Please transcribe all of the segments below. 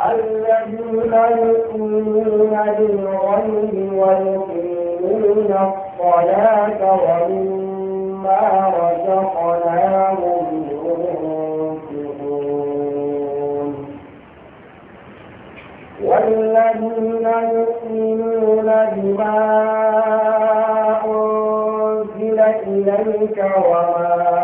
الذين يؤمنون بالغيب ويقيمون الصلاة ومما رزقناهم ينفقون والذين يؤمنون بما أنزل إليك وما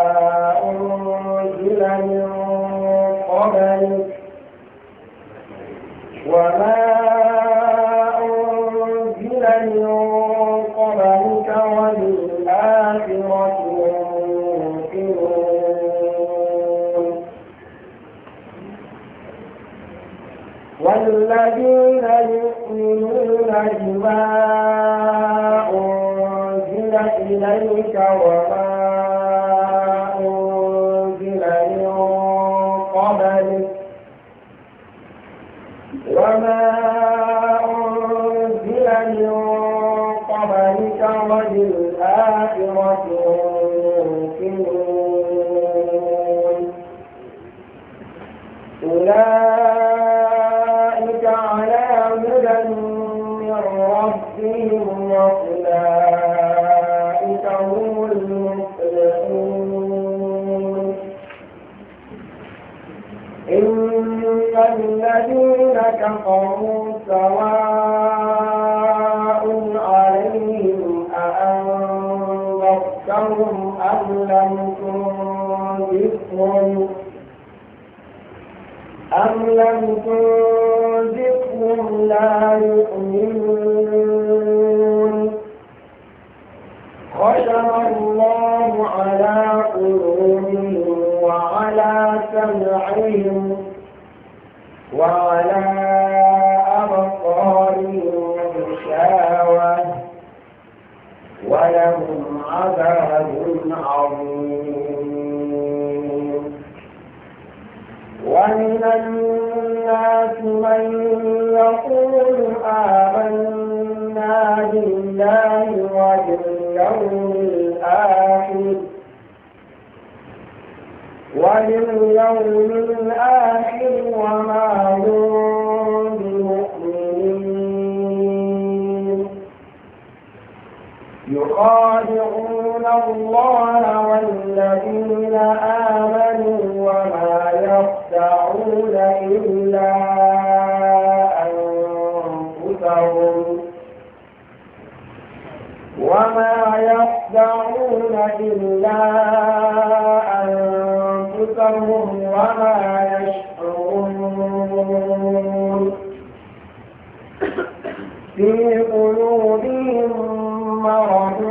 وما أنزل من قبلك والآخرة والذين يؤمنون بما سواء عليهم أم لم تنذرهم لا يؤمنون خشم الله على قلوبهم وعلى سمعهم وعلى ولليوم الآخر وما هم بمؤمنين يخادعون الله والذين آمنوا وما يخدعون إلا إلا أنفسهم وما يشعرون في قلوبهم مرض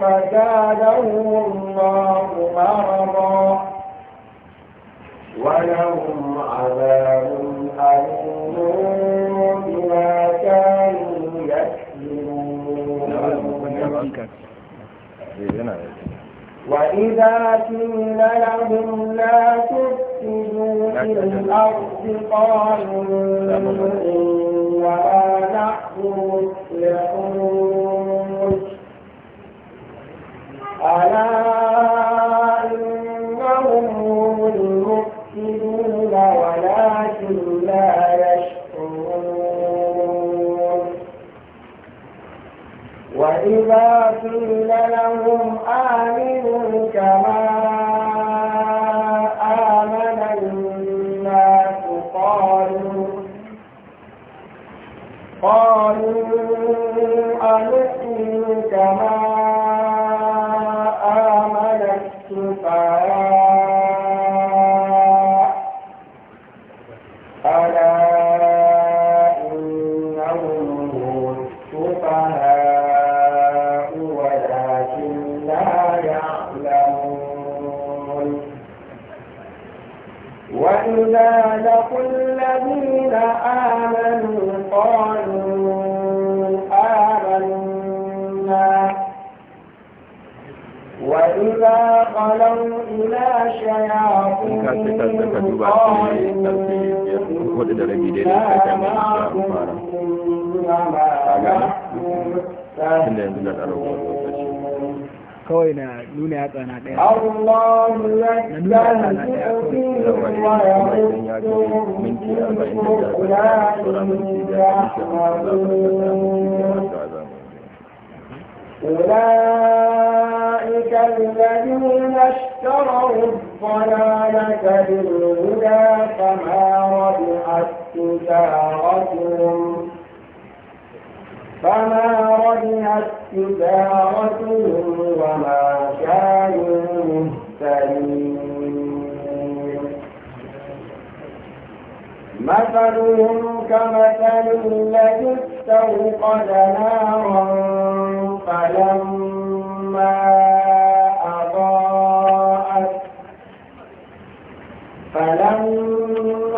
فزادهم الله مرضا ولهم عذاب أليم بما كانوا يكذبون نعم. وإذا قيل لهم لا تفسدوا في الأرض قالوا وما نحن مصلحون ألا إنهم المفسدون ولكن لا وإذا قيل لهم آمنوا كما آمن قَالُوا قالوا كَمَا أنؤمن كما آمنوا قالوا آمنا وإذا خلوا إلى شياطينهم قالوا إنا معكم إنما نحن kawai na nuna ya tsana ɗaya na nuna ya tsana ɗaya kawai أولئك الذين اشتروا الضلالة بالهدى فما ربحت تجارتهم فما رجعت تجارتهم وما كانوا مهتدين مثلهم كمثل الذي استوقد نارا فلما أضاءت فلما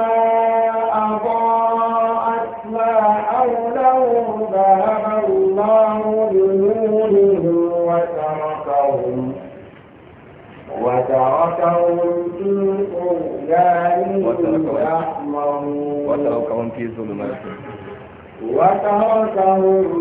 في ظلمات وتركهم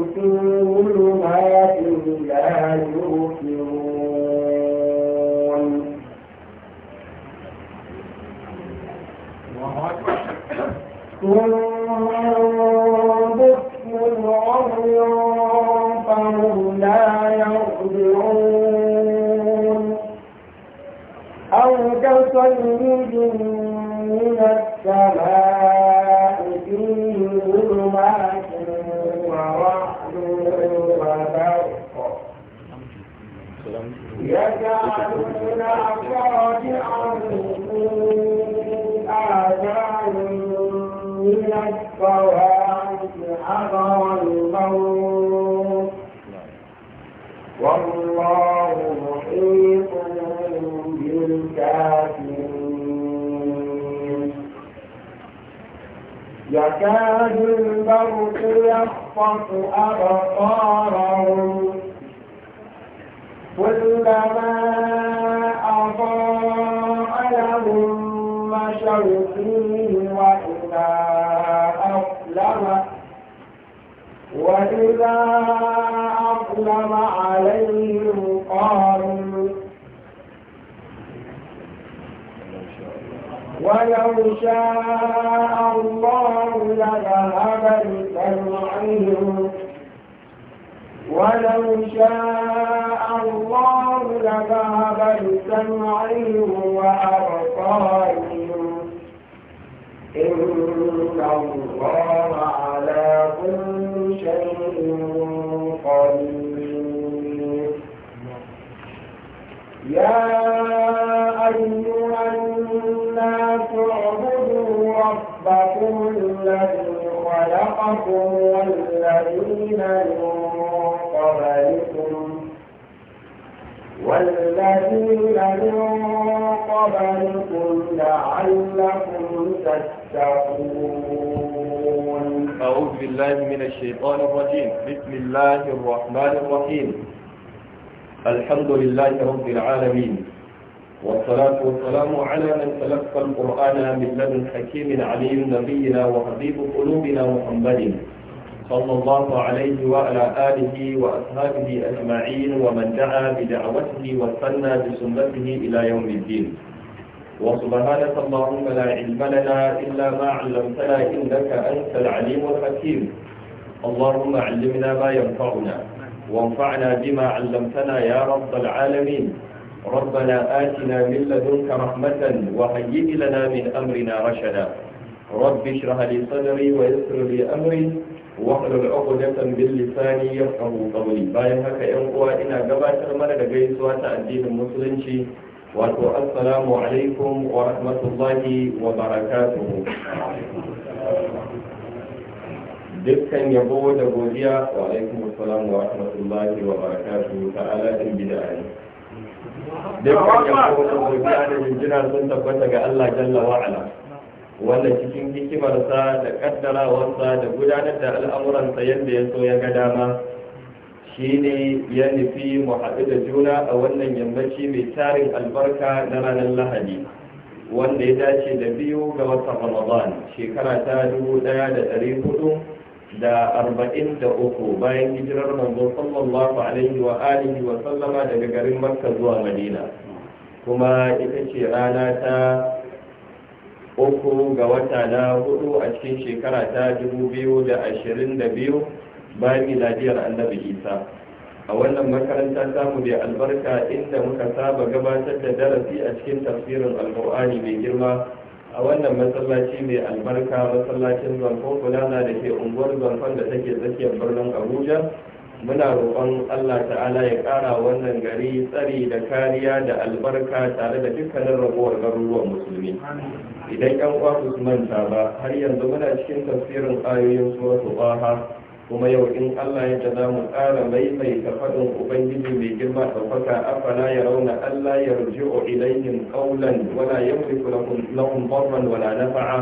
ربكم والذين من قبلكم والذين من قبلكم لعلكم تتقون أعوذ بالله من الشيطان الرجيم بسم الله الرحمن الرحيم الحمد لله رب العالمين والصلاة والسلام على من تلقى القرآن من لدن حكيم عليم نبينا وحبيب قلوبنا محمد صلى الله عليه وعلى آله وأصحابه أجمعين ومن دعا بدعوته واستنى بسنته إلى يوم الدين وسبحانك اللهم لا علم لنا إلا ما علمتنا إنك أنت العليم الحكيم اللهم علمنا ما ينفعنا وانفعنا بما علمتنا يا رب العالمين ربنا آتنا من لدنك رحمة وهيئ لنا من أمرنا رشدا رب اشرح لي صدري ويسر لي أمري واحلل عقدة من لساني يفقه قولي bayan haka yan uwa ina gabatar mana da gaisuwa ta addinin musulunci wato assalamu alaikum wa rahmatullahi wa dukkan yabo da godiya wa alaikum wa rahmatullahi wa barakatuhu ta'ala in bid'a dukkan yabo da godiya da jinjina sun tabbata ga Allah jalla wa'ala wanda cikin hikimarsa da kaddarawarsa da gudanar da al'amuransa yadda ya so ya ga dama shi ne ya nufi mu haɗu da juna a wannan yammaci mai tarin albarka na ranar lahadi wanda ya dace da biyu ga watan ramadan shekara ta dubu ɗaya da ɗari hudu da arba'in da uku bayan hijirar manzon sallallahu alaihi wa alihi wa sallama daga garin makka zuwa madina kuma ita ce rana ta uku ga wata na hudu a cikin shekara ta dubu biyu da ashirin da biyu bayan miladiyar annabi isa a wannan makaranta samu da albarka inda muka saba gabatar da darasi a cikin tafsirin alkur'ani mai girma a wannan masallaci mai albarka masallacin zamfon kulana da ke unguwar zamfon da take tsakiyar birnin abuja muna roƙon allah ta'ala ya ƙara wannan gari tsari da kariya da albarka tare da dukkanin ragowar garuruwan musulmi idan yan uwa su manta ba har yanzu muna cikin tafsirin ayoyin suratul baha kuma yau in Allah ya tada mu mai da faɗin Ubangiji mai girma ɗaukaka afala ya rauna Allah ya ruji'u ilayhim qawlan wala yamliku lahum lahum darran wala nafa'a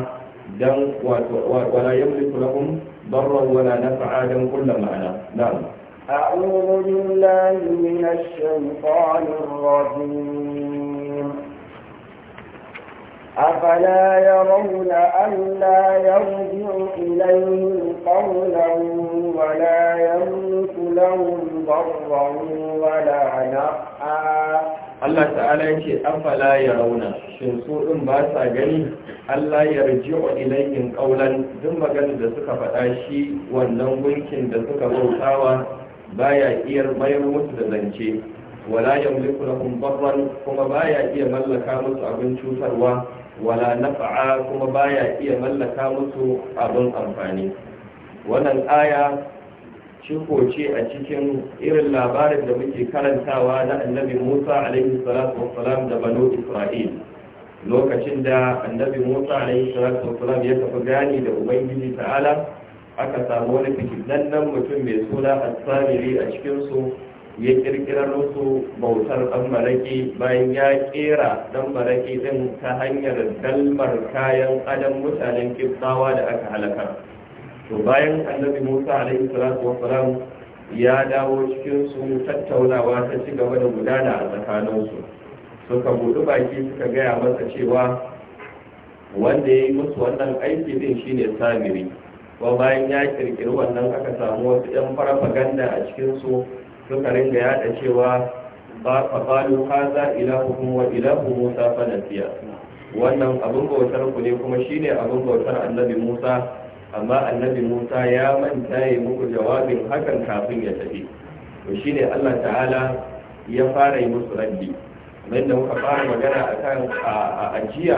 dan wala yamliku lahum darran wala nafa'a dan kullu ma'ana na'am أعوذ بالله من الشيطان الرجيم أفلا يرون ألا يرجع إليهم قولا ولا يملك لهم ضرا ولا نفعا Allah ta'ala ya ce afala ya rauna shin su din ba sa gani Allah ya wa ilayhim qawlan duk maganar da suka faɗa shi wannan gunkin da suka bautawa baya iya mayar musu da zance wala yamliku lahum darran kuma baya iya mallaka musu abin cutarwa wala nafa'a kuma baya iya mallaka musu abin amfani wannan aya ciko a cikin irin labarin da muke karantawa na annabi musa alaihi salatu wassalam da banu isra'il lokacin da annabi musa alaihi salatu wassalam ya tafi gani da ubangiji ta'ala aka samu wani fitinan mutum mai suna assamiri a cikin su. ya kirkira musu bautar dan maraki bayan ya kera dan maraki din ta hanyar dalmar kayan adam mutanen kibtawa da aka halaka to bayan annabi musa alaihi salatu wassalam ya dawo cikin su tattaunawa ta ci gaba da gudana a tsakaninsu suka buɗi baki suka gaya masa cewa wanda ya yi musu wannan aiki din shine samiri kuma bayan ya kirkiri wannan aka samu wasu 'yan farfaganda a cikinsu suka ringa yada cewa ba faɗalu haza ilahukum wa ilahu musa fanafiya wannan abin bautar ku ne kuma shine abin bautar annabi musa amma annabi musa ya manta ya muku jawabin hakan kafin ya tafi to shine allah ta'ala ya fara yi musu rabbi kamar da muka fara magana akan a ajiya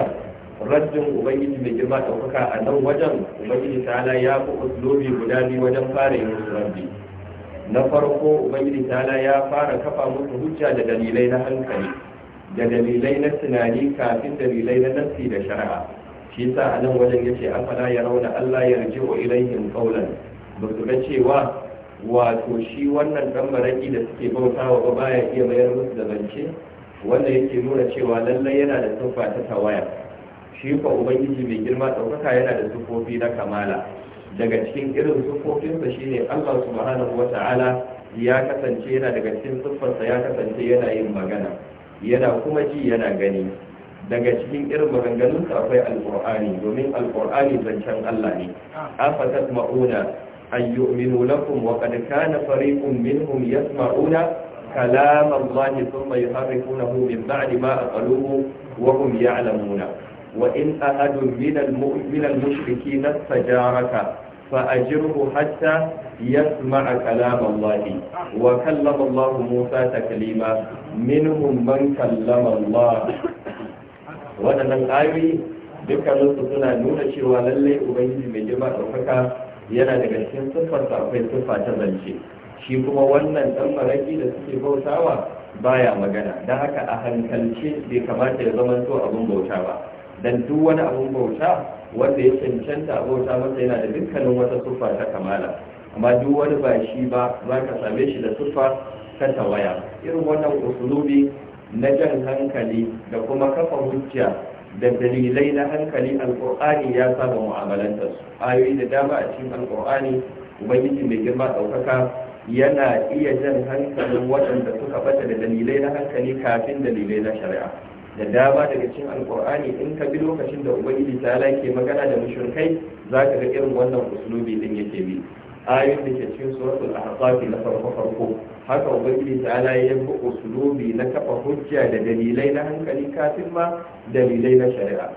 raddin ubangiji mai girma ɗaukaka a nan wajen ubangiji ta'ala ya fi uslubi guda biyu wajen fara yi musu rabbi na farko ubangiji ta'ala ya fara kafa musu hujja da dalilai na hankali da dalilai na tunani kafin dalilai na nassi da shari'a shi sa a nan wajen yace afala ya rauna Allah ya raji'u ilaihim qawlan ba su ga cewa wato shi wannan dan baraki da suke wa ba baya iya mayar musu da zance wanda yake nuna cewa lallai yana da tufa ta tawaya shi ubangiji mai girma ɗaukaka yana da sufofi na kamala daga cikin irin siffofinsa shine Allah subhanahu ta'ala ya kasance yana daga cikin siffarsa ya kasance yana yin magana yana kuma ji yana gani daga cikin irin maganganunsa akwai Alƙur'ani, domin alqur'ani zancen Allah ne afatat mauna an yu'minu lakum wa qad kana fariqun minhum yasma'una kalam Allah thumma yuharrifunahu min ba'di ma aqaluhu wa hum ya'lamuna وإن أحد من المؤمن المشركين استجارك فأجره حتى يسمع كلام الله وكلم الله موسى تكليما منهم من كلم الله waɗannan ayoyi dukkanin su suna nuna cewa lallai ubangiji mai jima ɗaukaka yana daga cikin siffarsa akwai siffa ta zance shi kuma wannan ɗan maraki da suke bautawa baya magana don haka a hankalce bai kamata ya zama to abin bauta ba dan duk wani abun bauta wanda ya cancanta bauta masa yana da dukkanin wata siffa ta kamala amma duk wani ba shi ba za ka same shi da siffa ta tawaya irin wannan usulubi na jan hankali da kuma kafa hujja da dalilai na hankali alƙur'ani ya saba mu'amalantar su ayoyi da dama a cikin alkur'ani ubangiji mai girma ɗaukaka yana iya jan hankalin waɗanda suka bata da dalilai na hankali kafin dalilai na shari'a da dama daga cikin alkur'ani in ka bi lokacin da ubangiji ta ke magana da mushrikai za ka ga irin wannan uslubi din yake bi ayoyin da ke cikin suratul ahzab na farko farko haka ubangiji ta ya bi uslubi na kafa hujja da dalilai na hankali kafin ma dalilai na shari'a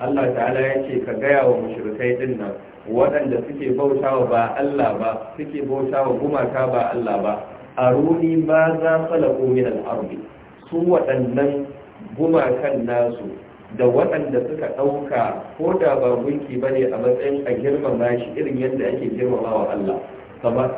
Allah ta'ala ya ce ka gaya wa mushrikai din nan waɗanda suke bautawa ba Allah ba suke bautawa gumaka ba Allah ba aruni ba za falaku min al-ardi su waɗannan gumakan nasu da waɗanda suka ɗauka ko da ba gunki ba ne a matsayin a girmama shi irin yadda ake girmamawa Allah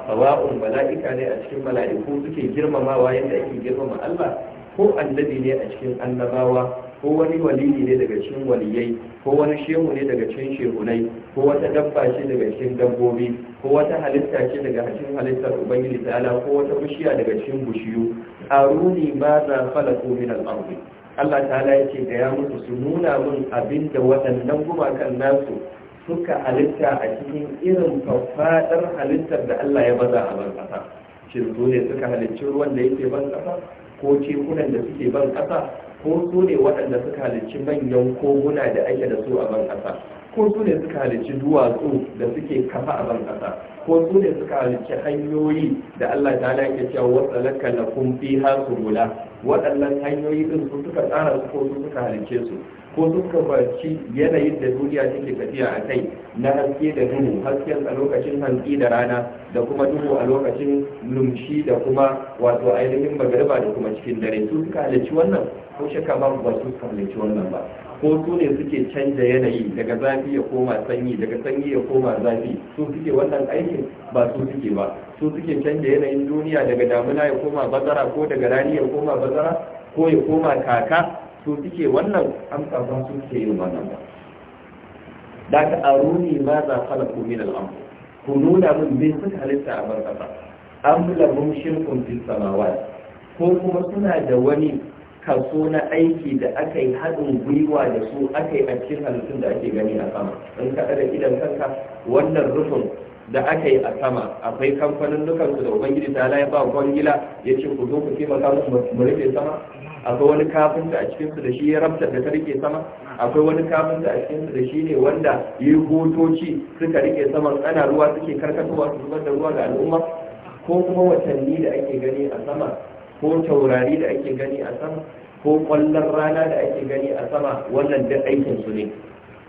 sawa'un mala'ika ne a cikin mala'iku suke girmamawa yadda ake girmama Allah ko annabi ne a cikin annabawa ko wani walili ne daga cikin waliyai ko wani shehu ne daga cikin shehunai ko wata dabba ce daga cikin dabbobi ko wata halitta ce daga cikin halittar ubangiji ta'ala ko wata bishiya daga cikin bushiyu aruni ba za falaku min al ardh Allah Ta ya ce gaya mutu su nuna mun abin da waɗannan gumakan nasu suka halitta a cikin irin faɗar halittar da Allah ya baza a ban ƙasa shin su ne suka halicci ruwan da yake ban ƙasa ko tekunan da suke ban ƙasa ko su ne waɗanda suka halicci manyan koguna da ake da su a ban ƙasa ko su ne suka halicci duwatsu da suke kafa a ban ƙasa ko su ne suka halicci hanyoyi da Allah ta yake cewa wasalaka lakum fiha subula waɗannan hanyoyi din su suka tsara su ko su suka halice su ko su suka baci yanayin da duniya take tafiya a kai na haske da duhu hasken a lokacin hantsi da rana da kuma duhu a lokacin lumshi da kuma wato ainihin magariba da kuma cikin dare su suka halici wannan ko shakka ba su suka halici wannan ba ko su ne suke canja yanayi daga zafi ya koma sanyi daga sanyi ya koma zafi su suke wannan aikin ba su suke ba su suke canja yanayin duniya daga damuna ya koma bazara ko daga rani ya koma bazara ko ya koma kaka su suke wannan amsa ba su suke yin wannan ba da ka aruni ma za khalaqu min al ku nuna min me suka halitta a barkata an lahum shirkun fis samawa ko kuma suna da wani kaso na aiki da aka yi haɗin gwiwa da su aka yi a cikin halittun da ake gani a sama in kaɗa da idan kanka wannan rufin da aka yi a sama akwai kamfanin dukansu da ubangiji ta ya ba kwangila ya ce ku zo ku taimaka musu mu rufe sama akwai wani kafinta a cikinsu da shi ya rabta da ta rike sama akwai wani kafinta a cikinsu da shi ne wanda ya yi hotoci suka rike saman ana ruwa suke karkatowa su zubar da ruwa ga al'umma ko kuma watanni da ake gani a sama ko taurari da ake gani a sama ko kwallon rana da ake gani a sama wannan duk aikinsu ne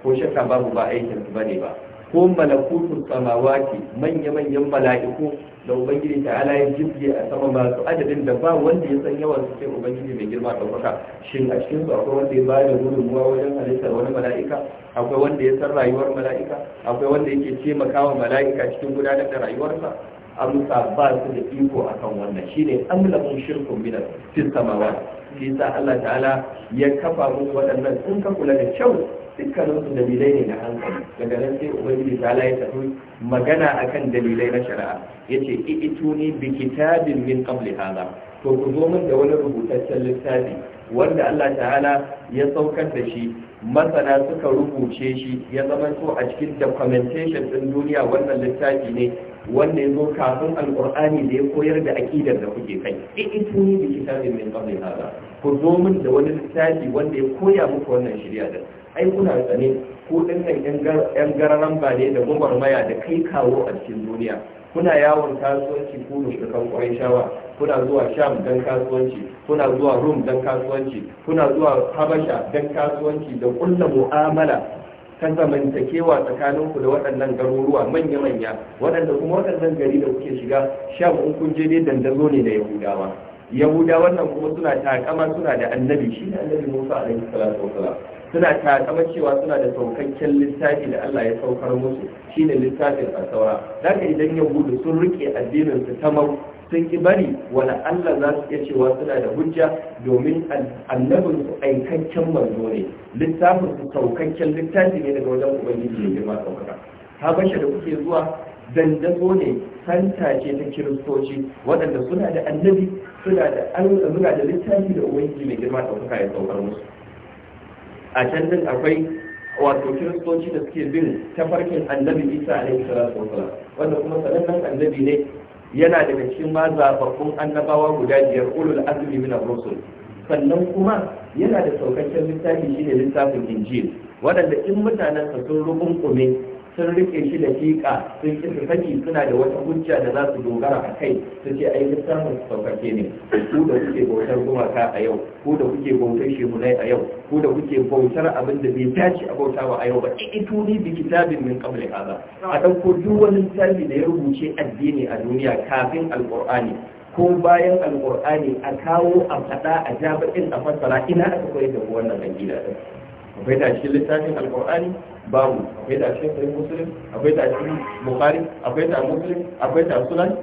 ko shakka babu ba aikinsu ba ne ba ko malakutun samawati manya-manyan mala'iku da ubangiji ta ala ya a sama masu adadin da ba wanda ya san yawan su sai ubangiji mai girma ɗaukaka shin a cikin su akwai wanda ya ba da gudunmuwa wajen halittar wani mala'ika akwai wanda ya san rayuwar mala'ika akwai wanda yake taimakawa mala'ika cikin gudanar da rayuwarsa amsa ba su da iko akan wannan shine amlamun shirkun bidal fi samawa. shi Allah ta'ala ya kafa mu waɗannan in ka kula da kyau dukkanin su dalilai ne na hankali daga nan sai ubangiji ta'ala ya tafi magana akan dalilai na shari'a yace i'tuni bi kitabin min qabli hadha to ku zo min da wani rubutaccen littafi wanda Allah ta'ala ya saukar da shi masana suka rubuce shi ya zama a cikin documentation din duniya wannan littafi ne wanda ya zo kafin alkur'ani da ya koyar da akidar da kuke kai eh, in ni bi kitabin min qabli hada ku zo min da wani littafi wanda ya koya muku wannan shirya din ai kuna tsane ko dinnan yan gararan ba ne da gwagwarmaya da kai kawo a cikin duniya kuna yawon kasuwanci ko da kan shawa kuna zuwa sham don kasuwanci kuna zuwa rum don kasuwanci kuna zuwa habasha don kasuwanci da kulla mu'amala ta zamantakewa tsakaninku da waɗannan garuruwa manya-manya waɗanda kuma waɗannan gari da kuke shiga sham in kun je dai dandazo ne da yahudawa Yahuda, wannan kuma suna takama suna da annabi shi ne annabi musa alaihi salatu wasalam suna takama cewa suna da saukakken littafi da Allah ya saukar musu shi ne littafin a saura ka idan yahudu sun rike addininsu su sun ki bari wani Allah za su iya cewa suna da hujja domin annabin su aikakken manzo ne littafin su saukakken littafi ne daga wajen ubangiji ya girma saukaka habasha da kuke zuwa dandazo ne santa ce ta kiristoci waɗanda suna da annabi suna da suna da littafi da ubangiji mai girma saukaka ya saukar musu a can din akwai wato kiristoci da suke bin tafarkin annabi isa alaihi salatu wasalam wanda kuma sanannen annabi ne yana daga cikin ma zababbun annabawa guda biyar ulul azmi min ar-rusul sannan kuma yana da saukakken littafi shine littafin injil waɗanda in mutanen sun rubun kume sun rike shi da fiƙa sun ki su saki suna da wata hujja da za su dogara a kai su ce ai littafin su saukake ne ku da kuke bautar gumaka a yau ku da kuke bautar shehunai a yau ku da kuke bautar abin da bai dace a bautawa a yau ba itu ni bi kitabin min qabli hada a dauko duk wani littafi da ya rubuce addini a duniya kafin alqur'ani ko bayan alqur'ani a kawo a fada a jami'in a fassara ina aka koyar da wannan aƙida din akwai da cikin littafin alkur'ani babu akwai da cikin sahih muslim akwai da cikin bukhari akwai da muslim akwai da sunan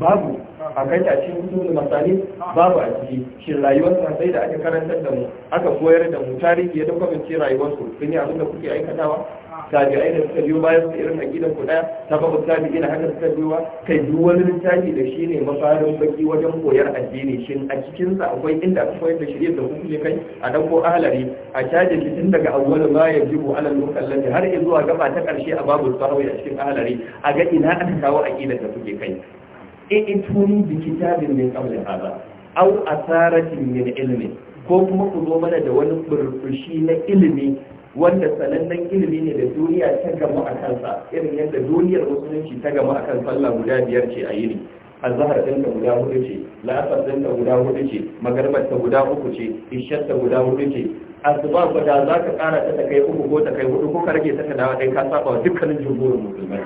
babu akwai da cikin sunan masani babu a cikin shin rayuwar sa sai da aka karantar da mu aka koyar da mu tarihi ya dauka mun ce rayuwar su kin yi abin da kuke aikatawa tabi'ai da suka biyo bayan su irin aqidan ku daya tabi'u gina haka suka biyo kai duk wani littafi da shi ne mafarin baki wajen koyar addini shin a cikin sa akwai inda aka koyar da shirye da hukumi kai a dauko ahlari a caje shi tun daga awwal ma yajibu ala al-mukallafi har zuwa gaba ta ƙarshe a babu sarawi a cikin ahlari a ga ina aka kawo aqidan da kuke kai E, tuni bi kitabin min qabli hada aw asaratin min ilmi ko kuma ku zo mana da wani burfushi na ilimi wanda sanannen ilimi ne da duniya ta gamu a kansa irin yadda duniyar musulunci ta gama a kan sallah guda biyar ce a yini azhar din ta guda hudu ce la'asar din ta guda hudu ce magarbar ta guda uku ce ishar ta guda hudu ce asuba ko da za ka kara ta ta kai uku ko ta kai hudu ko ka rage ta ka dawo dai ka saba wa dukkanin jumhurin musulmai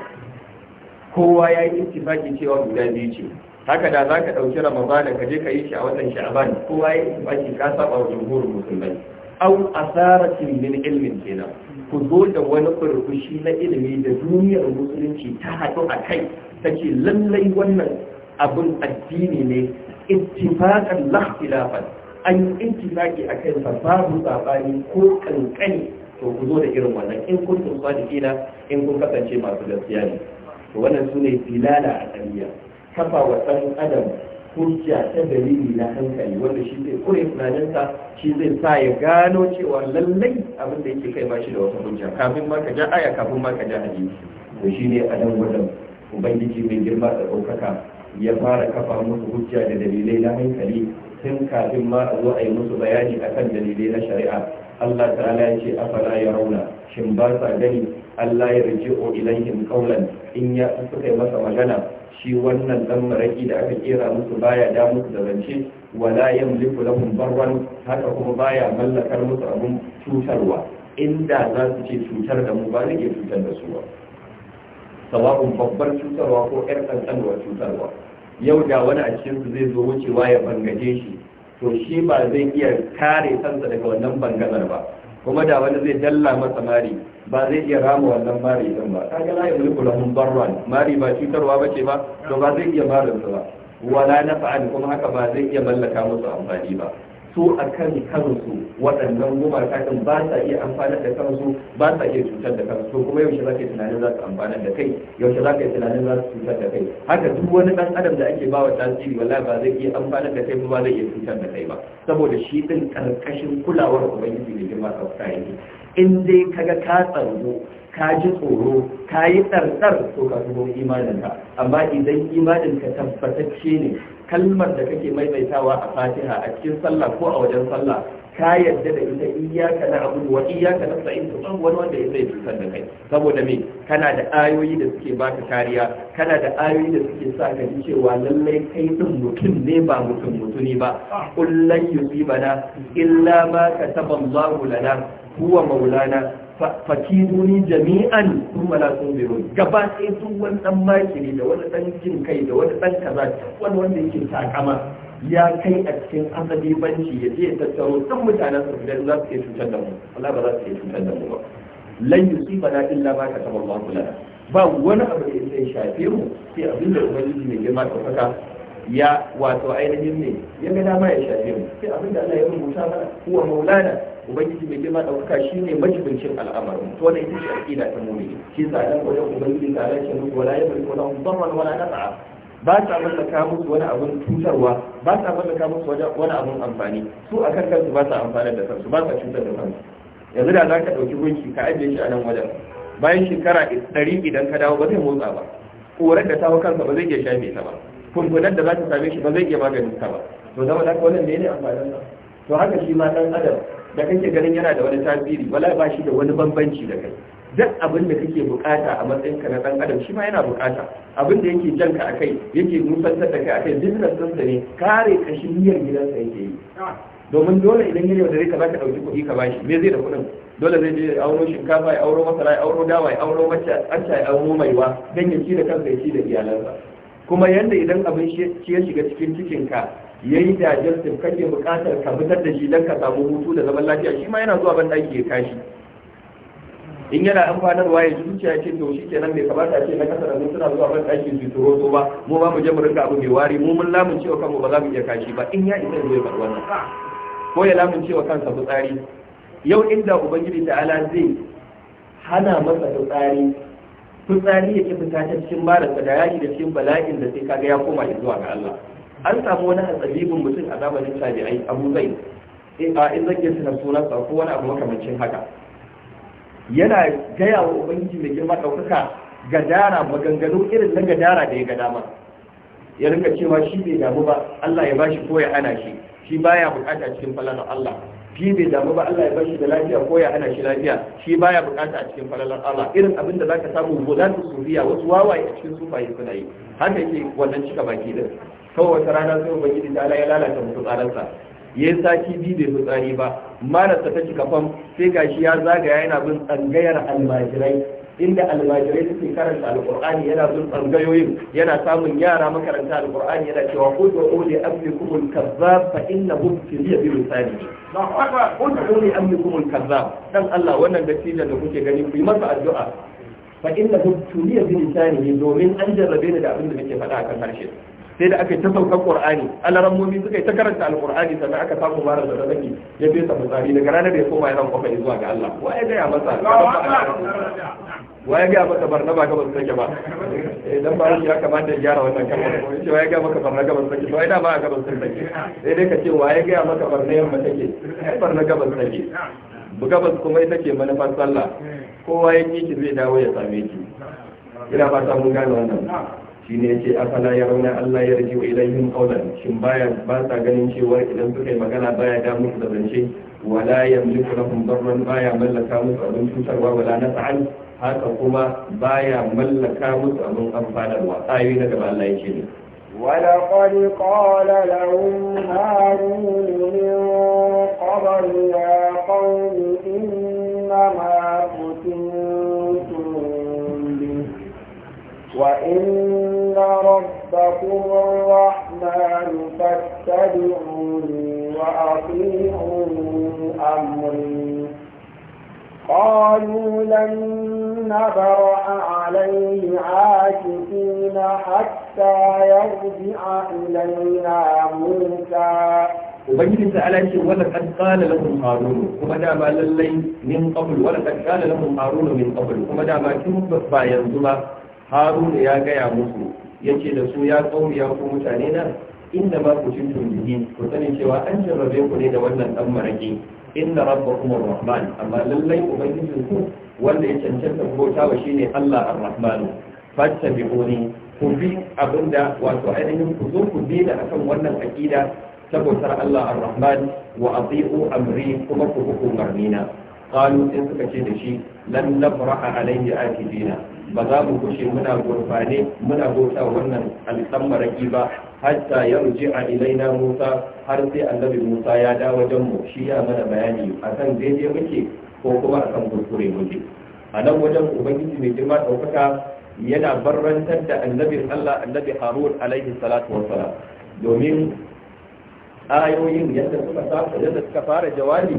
kowa ya yi ittifaki cewa guda biyu ce haka da za ka ɗauki ramadana ka je ka yi shi a watan sha'aban kowa ya yi ittifaki ka saba wa jumhurin musulmai au asaratin min ilmin kenan ku zo da wani furfushi na ilimi da duniyar musulunci ta haɗu a kai ta ce lallai wannan abin addini ne ittifaqan la ikhtilafan an ittifaqi akan sa babu sabani ko kankani to ku zo da irin wannan in kuntum sadiqina in kun kasance masu gaskiya ne wannan sune filala a kariya kafa wa adam hujja ta dalili na hankali wanda shi zai kure tunaninsa shi zai sa ya gano cewa lallai abin da yake kai ba shi da wata hujja kafin ma ka ja aya kafin ma ka ja hadisi to shi ne a nan wajen ubangiji mai girma da ɗaukaka ya fara kafa musu hujja da dalilai na hankali tun kafin ma a zo a yi musu bayani akan dalilai na shari'a Allah ta'ala ya ce afala ya rauna shin ba sa gani Allah ya riji'u ilaihim qawlan in ya suka yi masa magana shi wannan dan maraki da aka kera musu baya da musu da zance wala yamliku lahum barran haka kuma baya mallakar musu abun cutarwa inda za su ce cutar da mu ba ne ke cutar da su ba sawa'un babbar cutarwa ko yar cutarwa yau da wani a cikin su zai zo wucewa ya bangaje shi to shi ba zai iya kare kansa daga wannan bangazar ba kuma da wani zai dalla masa mari ba zai iya rama wannan mari din ba kaga la yamliku lahum darran mari ba cutarwa bace ba to ba zai iya marin ba wala nafa'an kuma haka ba zai iya mallaka musu amfani ba su a kan kansu waɗannan gumaka ɗin ba sa iya amfanar da kansu ba sa iya cutar da kansu kuma yaushe za ka yi tunanin za su amfanar da kai yaushe za ka yi tunanin za su cutar da kai haka duk wani ɗan adam da ake ba wa tasiri wallahi ba zai iya amfanar da kai ba zai iya cutar da kai ba saboda shi ɗin ƙarƙashin kulawar ubangiji ne girma tsafta yake in dai ga ka tsaro ka ji tsoro ka yi tsartsar to ka zubo imaninka amma idan imanin ka tabbatacce ne kalmar da kake maimaitawa a fatiha a cikin sallah ko a wajen sallah ka yadda da ita iyaka na abudu wa iyaka na sa'in to wani wanda zai cutar da kai saboda me kana da ayoyi da suke baka kariya kana da ayoyi da suke sa ka ji cewa lallai kai din mutum ne ba mutum mutuni ba kullan yusibana illa ma kataba Allahu lana huwa maulana fakiruni jami'an sun mala sun biro gaba sai sun wani dan makiri da wani dan jin kai da wani dan kaza wani wanda yake takama ya kai a cikin asali banci ya je ya tattaro duk mutanen su idan za su iya cutar da mu Allah ba za su iya cutar da mu ba lan yusibana illa ma kataba Allah lana ba wani abu da zai shafe mu sai abin da ubangiji mai girma ɗaukaka ya wato ainihin ne ya ga dama ya shafe mu sai abin da Allah ya rubuta mana huwa maulana ubangiji mai girma ɗaukaka shi ne majibincin al'amarin to wannan ita ce aƙida ta mumini shi sa nan wajen ubangiji ta alaƙi musu wala ya bari wala hun zarra wala nafa'a ba sa mallaka musu wani abun cutarwa ba sa mallaka musu wani abun amfani su a kan kansu ba sa amfani da kansu ba sa cutar da kansu yanzu da za ka ɗauki gunki ka ajiye shi a nan wajen bayan shekara ɗari idan ka dawo ba zai motsa ba ƙorar da ta hau kansa ba zai iya shafe ta ba kumfunan da za ta same shi ba zai iya maganin ta ba to zama da ka wannan ne ne amfanin to haka shi ma ɗan adam da kake ganin yana da wani tasiri wala ba shi da wani bambanci da kai duk abin da kake bukata a matsayin ka na dan adam shi ma yana bukata abin da yake janka akai yake nufantar da kai akai business din ne kare kashin niyyar gidansa yake yi domin dole idan ya da zai ka baka dauki kuɗi ka bashi me zai da kuɗin dole zai je auro shinkafa ya auro masara ya auro dawa ya auro wacce acca ya auro maiwa dan ya ci da kansa ya ci da iyalansa kuma yanda idan abin shi ya shiga cikin cikin ka yayi digestive kake buƙatar ka fitar da shi don ka samu hutu da zaman lafiya shi ma yana zuwa ban daki ya kashi in yana amfanarwa ya zuciya ce to shi kenan bai kamata ce na kasar mun suna zuwa ban daki su turo so ba mu ba mu je mu rinka abu mai wari mu mun lamun cewa kanmu ba za mu iya kashi ba in ya isa zai faɗi wannan ko ya lamun cewa kansa fitsari yau inda ubangiji Ala zai hana masa fitsari fitsari ya ke fita ta cikin marasa da yayi da cikin bala'in da sai kaga ya koma zuwa ga Allah an samu wani hatsabibin mutum a zamanin tabi'ai abu zai eh, a in zan iya suna sunan ko wani abu makamancin haka yana gaya wa ubangiji mai girma ɗaukaka gadara maganganu irin na gadara da ya ga dama ya rinka cewa shi bai damu ba Allah ya bashi ko ya hana shi shi baya bukata cikin falalar Allah shi bai damu ba Allah ya bashi da lafiya ko ya hana shi lafiya shi baya bukata a cikin falalar Allah irin abin da zaka samu gudan sufiya wasu wawaye a cikin sufaye suna yi haka yake wannan cika baki din kawai wata rana sai ubangiji ta ya lalata musu tsaransa ya yi sati biyu bai fitsari ba malarsa ta cika fam sai gashi ya zagaya yana bin tsangayar almajirai inda almajirai suke karanta alqur'ani yana bin tsangayoyin yana samun yara makaranta alqur'ani yana cewa ko li amlikum al-kazzab fa innahu filiya bi lisani ud'u li kazzab dan Allah wannan dattijan da kuke gani ku yi masa addu'a fa innahu filiya bi lisani domin an jarrabe ni da abin da nake faɗa akan harshe sai da aka yi ta saukar qur'ani alarammomi suka yi ta karanta alqur'ani sannan aka samu mara da zaki ya fesa fitsari daga ranar da ya koma yana kofa zuwa ga Allah wa ya gaya masa wa ya gaya masa barna ba gaban eh, sake ba idan ba ya kamata ya gyara wannan kalmar ko ce wa ya gaya maka barna gaban sake to ai da ba a gaban sake sai dai ka ce wa ya gaya maka barna yamma take ai barna gaban sake bu gabas kuma ita ce manufar sallah kowa ya ki zai dawo ya same ki ina ba ta mun gane wannan shine yace afala rauna Allah wa ilaihim qawlan shin baya ba sa ganin cewa idan suka yi magana baya da musu da zance wala yamliku lahum darran baya mallaka musu abin cutarwa wala naf'an haka kuma baya mallaka musu abin amfanarwa ayoyi na gaba Allah yake ne ولقد قال لهم هارون من قبل يا قوم إنما فتنتم به وإن ربكم الرحمن فاتبعوني وأطيعوا أمري قالوا لن نبرأ عليه عاكفين حتى يرجع إلينا موسى ubangiji ta ala ce wala kad qala lahum kuma da ba lallai min qabl wala kad qala lahum min qabl kuma da ba kin ba yanzu ba ya gaya musu yace da su ya kauri ya ku mutane na inda ma ku cin tumbihi ku sanin cewa an jarrabe ku ne da wannan dan maraki inna rabbakum arrahman amma lallai ubangijin ku wanda ya cancanta bauta wa shine Allah arrahman fattabi'uni ku bi abinda wato ainihin ku zo ku bi da akan wannan aqida ta bautar Allah arrahman wa ati'u amri kuma ku hukumarnina qalu sai suka ce da shi alai nabraha alayhi dina. ba za mu kushe muna gurfane muna bauta wannan alsammaraki ba hatta ya ruji a ilaina musa har sai annabi musa ya da wajen mu shi ya mana bayani akan daidai muke ko kuma akan kurkure muke a nan wajen ubangiji mai girma ɗaukaka yana barrantar da annabin allah annabi harun alaihi salatu wassalam domin ayoyin yadda suka fara jawabi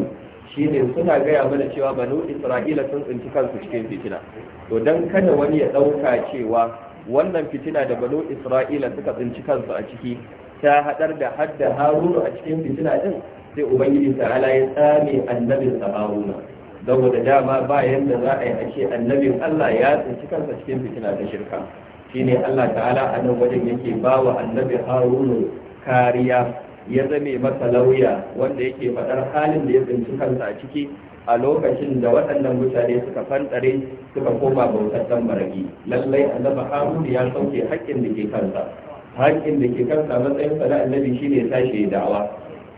shine suna gaya mana cewa banu isra'ila sun tsinci kansu cikin fitina to dan kada wani ya ɗauka cewa wannan fitina da banu isra'ila suka tsinci kansu a ciki ta haɗar da hadda haruna a cikin fitina din sai ubangiji ta'ala ya tsame annabin sa haruna saboda dama ba yanda za a yi ce annabin allah ya tsinci kansa cikin fitina ta shirka shine allah ta'ala a nan wajen yake ba wa annabi haruna kariya ya zame masa lauya wanda yake faɗar halin da ya tsinci kansa a ciki a lokacin da waɗannan mutane suka fantare suka koma bautar maragi lallai annabi harun ya sauke haƙƙin da ke kansa haƙƙin da ke kansa matsayin sa na annabi shine sashe da'awa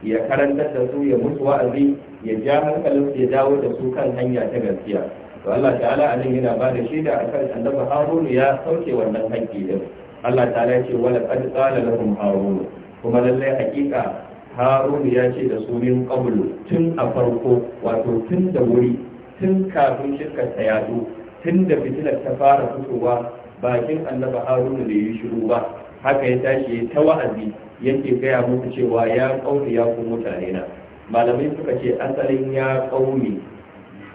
ya karantar da su ya musu wa'azi ya ja hankalin su ya dawo da su kan hanya ta gaskiya to Allah ta'ala nan yana ba da shaida akan annabi harun ya sauke wannan haƙƙi din Allah ta'ala ya ce wala qad qala lahum harun kuma lallai hakika harun ya ce da su min qablu tun a farko wato tun da wuri tun kafin shirka ta yadu tun da fitilar ta fara fitowa bakin annaba harun da yi shiru ba haka ya tashi ya ta wa'azi yake gaya musu cewa ya kauri ya ku mutane na malamai suka ce asalin ya kauri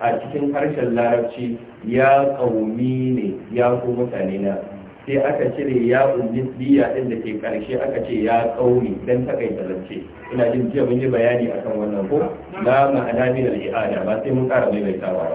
a cikin harshen larabci ya kaumi ne ya ku mutane na sai aka cire ya biya din da ke karshe aka ce ya kauri dan takaita zance ina jin jiya mun yi bayani akan wannan ko la ma'ana min al-i'ada ba sai mun ƙara mai ba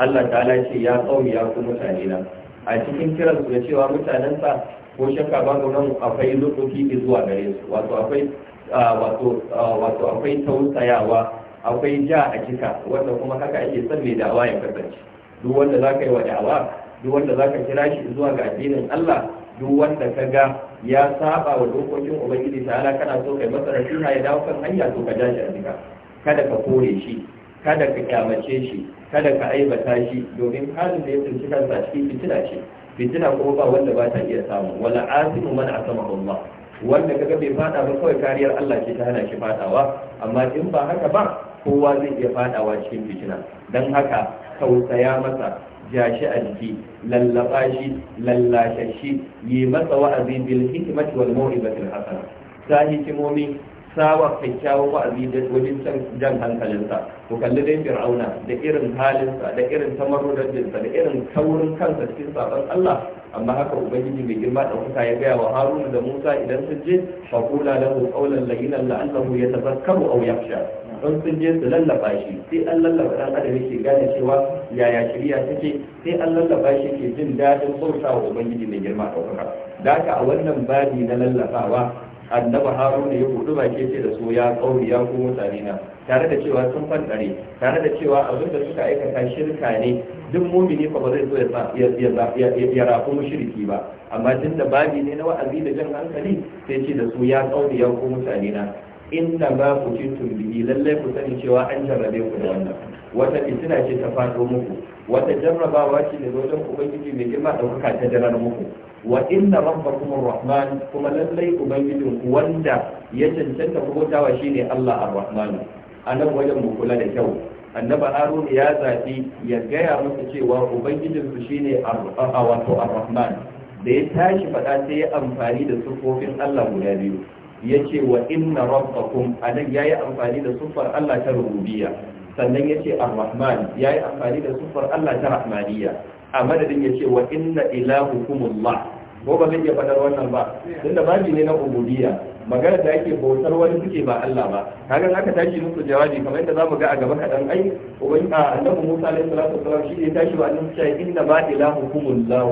Allah ta'ala ce ya kauri ya ku mutane na a cikin kiran su da cewa mutanen sa ko shakka babu nan akwai ke zuwa gare su wato akwai wato wato akwai tausayawa akwai ja a kika wanda kuma haka ake son mai da'awa ya kasance duk wanda za ka yi wa da'awa duk wanda zaka kira shi zuwa ga addinin Allah duk wanda ka ga ya saba wa dokokin ubangiji ta'ala kana so kai masa rashina ya dawo kan hanya to ka jashi a kada ka kore shi kada ka kyamace shi kada ka aibata shi domin halin da ya tsinci kansa cikin fitina ce fitina kuma ba wanda ba ta iya samu wala asimu man asama Allah wanda kaga bai fada ba kawai kariyar Allah ce ta hana shi fadawa amma in ba haka ba kowa zai iya fadawa cikin fitina dan haka tausaya masa ja shi a jiki lallaba shi lallashe shi yi masa wa'azi bil hikmati wal mau'izatil hasana ta hikimomi sawa kyakkyawan wa'azi da wajen jan hankalinsa ku kalli dai fir'auna da irin halinsa da irin tamarrudajinsa da irin taurin kansa cikin sabon Allah amma haka ubangiji mai girma da kuka ya gaya wa haruna da musa idan sun je fa kula lahu qawlan layyinan la'allahu yatazakkaru aw yakhsha don sun je su lallaba shi sai an lallaba dan adam yake gane cewa yaya shirya take sai an lallaba shi ke jin dadin bauta wa ubangiji mai girma ɗaukaka da aka a wannan babi na lallabawa annaba haruna ya hudu ba ke ce da su ya kauri ya ko mutane na tare da cewa sun fadare tare da cewa abin da suka aikata shirka ne duk mumini fa ba zai so ya rafu mushriki ba amma tun da babi ne na wa'azi da jan hankali sai ce da su ya kauri ya ko mutane na inna ba ku titun bihi lallai ku sani cewa an jarrabe ku da wannan wata fitina ce ta fado muku wata jarrabawa ce da wajen ubangiji mai da ɗaukaka ta jarar muku wa inna rabbakum arrahman kuma lallai ubangijin ku wanda ya cancanta ku bautawa shine Allah arrahman anan wajen mu kula da kyau annaba harun ya zafi ya gaya musu cewa ubangijin su shine wato arrahman da ya tashi faɗa sai ya amfani da sufofin Allah guda biyu Ya ce wa inna rabbakum anan ya yi amfani da sufar Allah ta rububiya. sannan ya ce ar-rahman yi amfani da sufar Allah ta rahmaniya. a madadin ce wa inna ilahukumullah ko ba zai iya faɗar wannan ba tunda babi ne na ubudiyya magana da ake bautar wani kuke ba Allah ba kaga aka tashi musu jawabi kamar yadda zamu ga a gaba kadan ai ubangi a annabi Musa alaihi salatu wasallam shi ne tashi ba annabi cewa inna ba ilahukumullah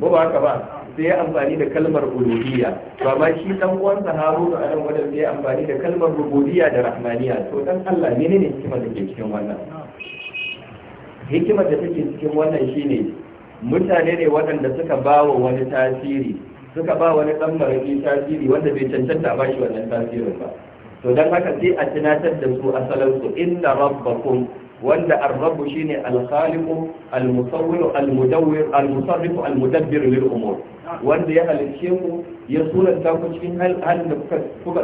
ko ba haka ba sai ya amfani da kalmar uluhiyya to amma shi dan uwansa haruna a nan wajen sai ya amfani da kalmar rububiyya da rahmaniyya to dan Allah menene hikima da ke cikin wannan hikimar da take cikin wannan shine mutane ne waɗanda suka ba wa wani tasiri suka ba wani ɗan maraƙi tasiri wanda bai cancanta ba shi wannan tasirin ba to dan haka sai a tunatar da su su inna rabbakum wanda arrabu shine alkhaliqu almusawwir almudawwir almusarrifu almudabbir lil umur wanda ya halicce mu ya suranta ku cikin halin da kuka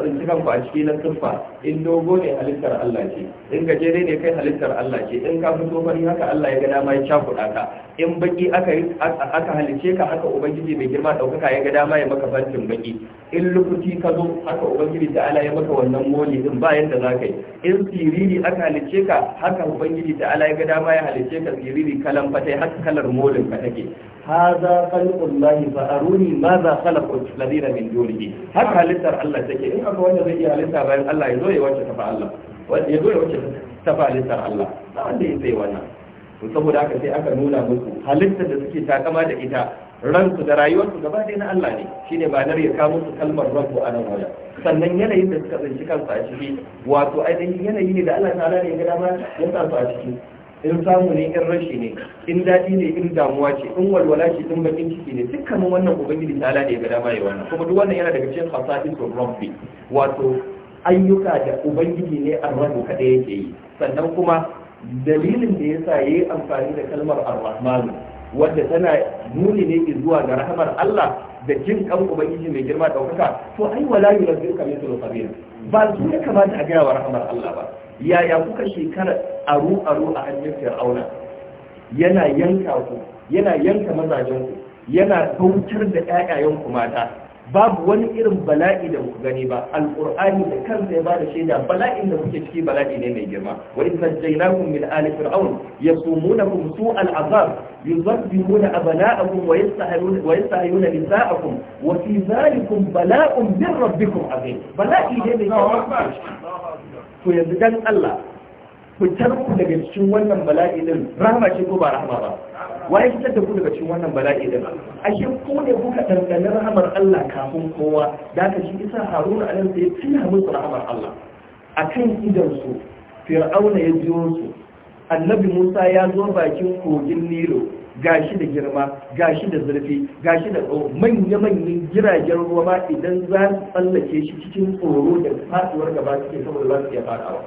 tsinci kanku a ciki na tuffa in dogo ne halittar Allah ce in gajere ne kai halittar Allah ce in ka fito fari haka Allah ya ga dama ya cafu ka in baki aka aka halice ka haka ubangiji mai girma ɗaukaka ya ga dama ya maka fantin baki in lukuti ka zo haka ubangiji ta ala ya maka wannan moli din ba yanda za ka yi in siriri aka halice ka haka ubangiji ta ala ya ga dama ya halice ka siriri kalan fatai haka kalar molin ka take hadha khalqullahi fa aruni madha khalaqa ladina min dunihi haka halittar Allah take in aka wanda zai iya halitta bayan Allah ya zo ya wacce tafa Allah wanda ya ya tafa halittar Allah wanda wannan to saboda haka sai aka nuna musu halittar da suke takama da ita ransu da rayuwarsu gaba dai na Allah ne shine ba ya kama musu kalmar rabbu a nan sannan yanayin da suka zanci kansu a ciki wato ainihin yanayi ne da Allah ta ne ya gada ba ya sa su a ciki in samu ne in rashi ne in daɗi ne in damuwa ce in walwala ce in bakin ciki ne dukkanin wannan ubangiji ta ne ga dama ya wannan kuma duk wannan yana daga cikin hasa'isul rabbi wato ayyuka da ubangiji ne arrahu kaɗai yake yi sannan kuma dalilin da ya sa ya yi amfani da kalmar arrahmanu wadda tana nuni ne zuwa ga rahamar Allah da jin kan ubangiji mai girma ɗaukaka to ai wala yunazziruka mithlu khabir ba su ya kamata a gaya wa rahamar Allah ba yaya kuka shekarar aro aro a hannun fir'auna yana yanka ku yana yanka mazajen ku yana bautar da ƴaƴayen ku mata babu wani irin bala'i da ku gani ba alqur'ani da kansa ya ba da shaida bala'in da kuke ciki bala'i ne mai girma wa idh najaynakum min ali fir'aun yasumunakum su'al azab yuzabbihuna abana'akum wa yastahiluna wa yastahiluna nisa'akum wa fi dhalikum bala'un min rabbikum azim bala'i ne mai girma to yanzu dan Allah ku tarku daga cikin wannan bala'i din rahama ce ko ba rahama ba waye fitar da ku daga cikin wannan bala'i din ashe ku ne kuka dangane rahamar Allah kafin kowa da ka shi isa Haruna anan sai tuna musu rahamar Allah akan idan su Fir'auna ya biyo su Annabi Musa ya zo bakin kogin Nilo gashi da girma gashi da zurfi gashi da tsoro, manya-manyan jiragen ruwa ma idan za su tsallake shi cikin tsoro da fasuwar gaba suke saboda za su iya fadawa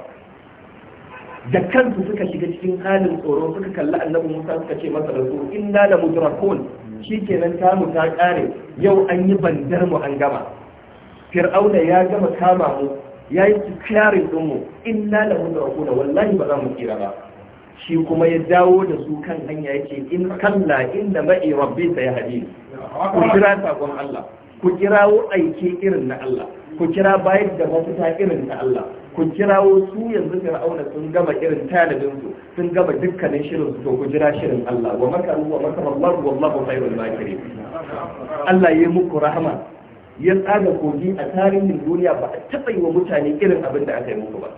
da kansu suka shiga cikin halin tsoro suka kalli annabi musa suka ce masa da na da la shi ke tamu ta kare yau an yi bandar mu an gama fir'auna ya gama kama mu ya yi kyarin in na da mudrakun wallahi ba za mu ƙira ba shi kuma ya dawo da su kan hanya yake in kalla inda ma'i rabbi sai hadis ku kira sakon Allah ku kirawo aiki irin na Allah ku kira bayar da mafita irin na Allah ku kirawo su yanzu fir'auna sun gama irin talibin su sun gama dukkanin shirin su to ku jira shirin Allah wa makaru wa makara Allah wallahu khairul makirin Allah ya muku rahama ya tsaga kogi a tarihin duniya ba a taɓa yi wa mutane irin abin da aka yi muku ba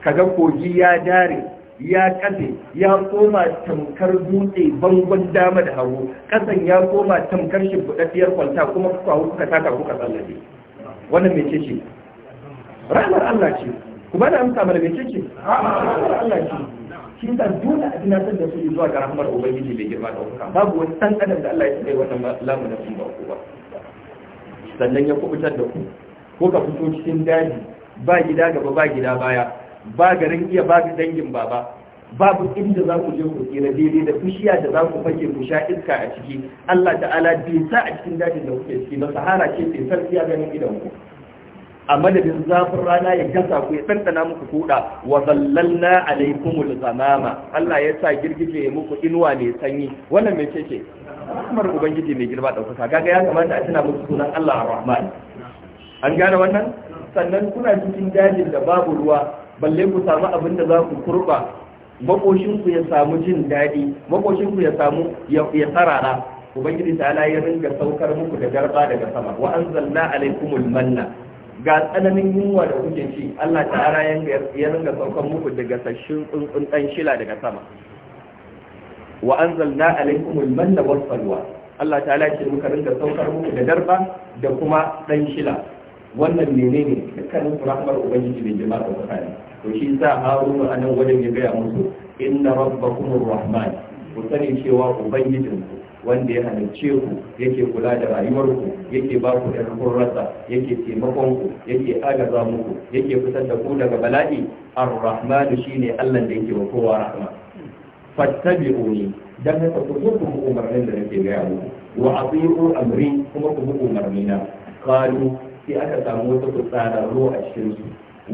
kaga kogi ya dare ya kase ya koma tamkar dutse bangon dama da hagu kasan ya koma tamkar shimfiɗaɗɗiyar kwalta kuma kuka hau kuka taka kuka tsallake wannan mece ce ranar Allah ce ku bada amsa mana mece ce ranar Allah ce shi ta dole a san da su zuwa ga rahmar ubangiji mai girma da wuka babu wani ɗan adam da Allah ya tsaye wannan lamunan sun ba ku ba sannan ya kubutar da ku ko ka fito cikin daji ba gida gaba ba gida baya ba garin iya ba dangin baba babu inda za ku je ku tsira daidai da kushiya da za ku fage ku sha iska a ciki Allah ta'ala bai sa a cikin dajin da kuke ciki ba sahara ce bai san iya ganin idan ku a madadin zafin rana ya gasa ku ya tantana muku kuda wa zallalna alaikumul zamama Allah ya sa girgije ya muku inuwa mai sanyi wannan mai ce ce kamar ubangiji mai girma ɗaukaka kaga ya kamata a tana muku sunan Allah ar-Rahman an gane wannan sannan kuna cikin dajin da babu ruwa balle ku samu abin da za ku kurba makoshinku ya samu jin daɗi makoshinku ya samu ya sarara ubangiji ta ala ya ringa saukar muku da garba daga sama wa anzalna alaikumul manna ga tsananin yunwa da kuke ci Allah ta ta'ala ya ringa saukar muku daga sashin tsuntsun dan shila daga sama wa anzalna alaikumul manna was salwa Allah ta ya ce muka ringa saukar muku da darba da kuma dan shila wannan menene dukkanin rahmar ubangiji bai jama'a da kai to shi sa haruna a nan wajen ya gaya musu inna rabbakumur rahman ku sani cewa ku, wanda ya halarce ku yake kula da rayuwarku yake ba ku ɗan rasa yake taimakon ku yake agaza muku yake fitar da ku daga bala'i ar-rahmanu shine Allah da yake wa kowa rahma fattabi'uni dan haka ku zo ku umarnin da nake gaya muku wa ati'u amri kuma ku bi umarnina qalu sai aka samu wata ruwa a cikin su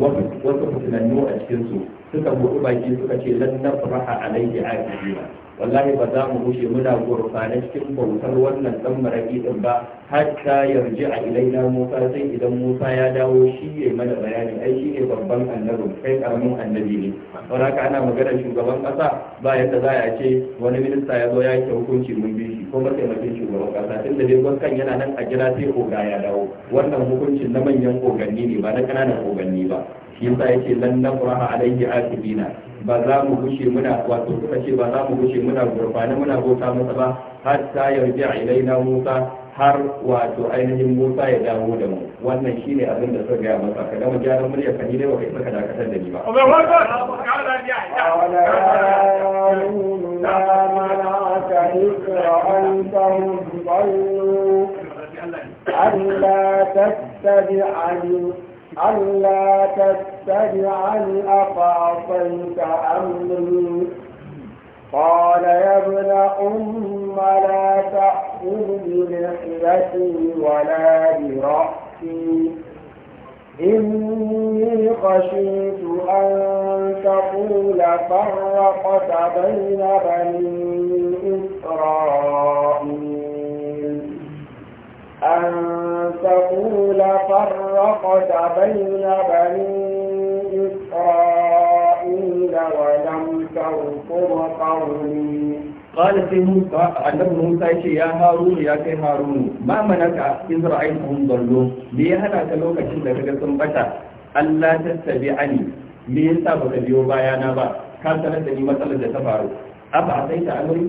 wasu wasu fitilannu a cikin su suka buɗi baki suka ce lan nafraha alaihi akibina wallahi ba za mu bushe muna gurfane cikin bautar wannan dan maraki din ba hatta yarji a ilaina Musa sai idan Musa ya dawo shi ya mana bayani ai shi ne babban annabi kai karamin annabi ne don haka ana magana shugaban kasa ba yadda za a ce wani minista ya zo ya yi hukunci mun bi shi ko mataimakin shugaban kasa tun da dai kan yana nan a jira sai oga ya dawo wannan hukuncin na manyan oganni ne ba na kananan oganni ba shi yasa yake lan a alayhi akibina ba za mu gushe muna wato suka ce ba za mu gushe muna gurfani muna bauta masa ba har ta a yarji'a ilaina Musa har wato ainihin Musa ya dawo da mu wannan shi ne abin da suka gaya masa kada mu gyara murya kan ni dai ba kai saka dakatar da ni ba ألا تتبعني ألا تتبعن أفعصيت أمري قال يا ابن أم لا تأخذ بلحيتي ولا برأسي إني خشيت أن تقول فرقت بين بني إسرائيل أن تقول فرقت بين بني إسرائيل ولم ترقب قولي قال في موسى أن موسى يا هارون يا كي هارون ما منك إذ رأيتهم ضلوا لي هنا كلوك شنك كسم بشا ألا تتبعني بي يسابك اليوم بايانا با كان سنة لي مثلا تفعل أبعطيت أمري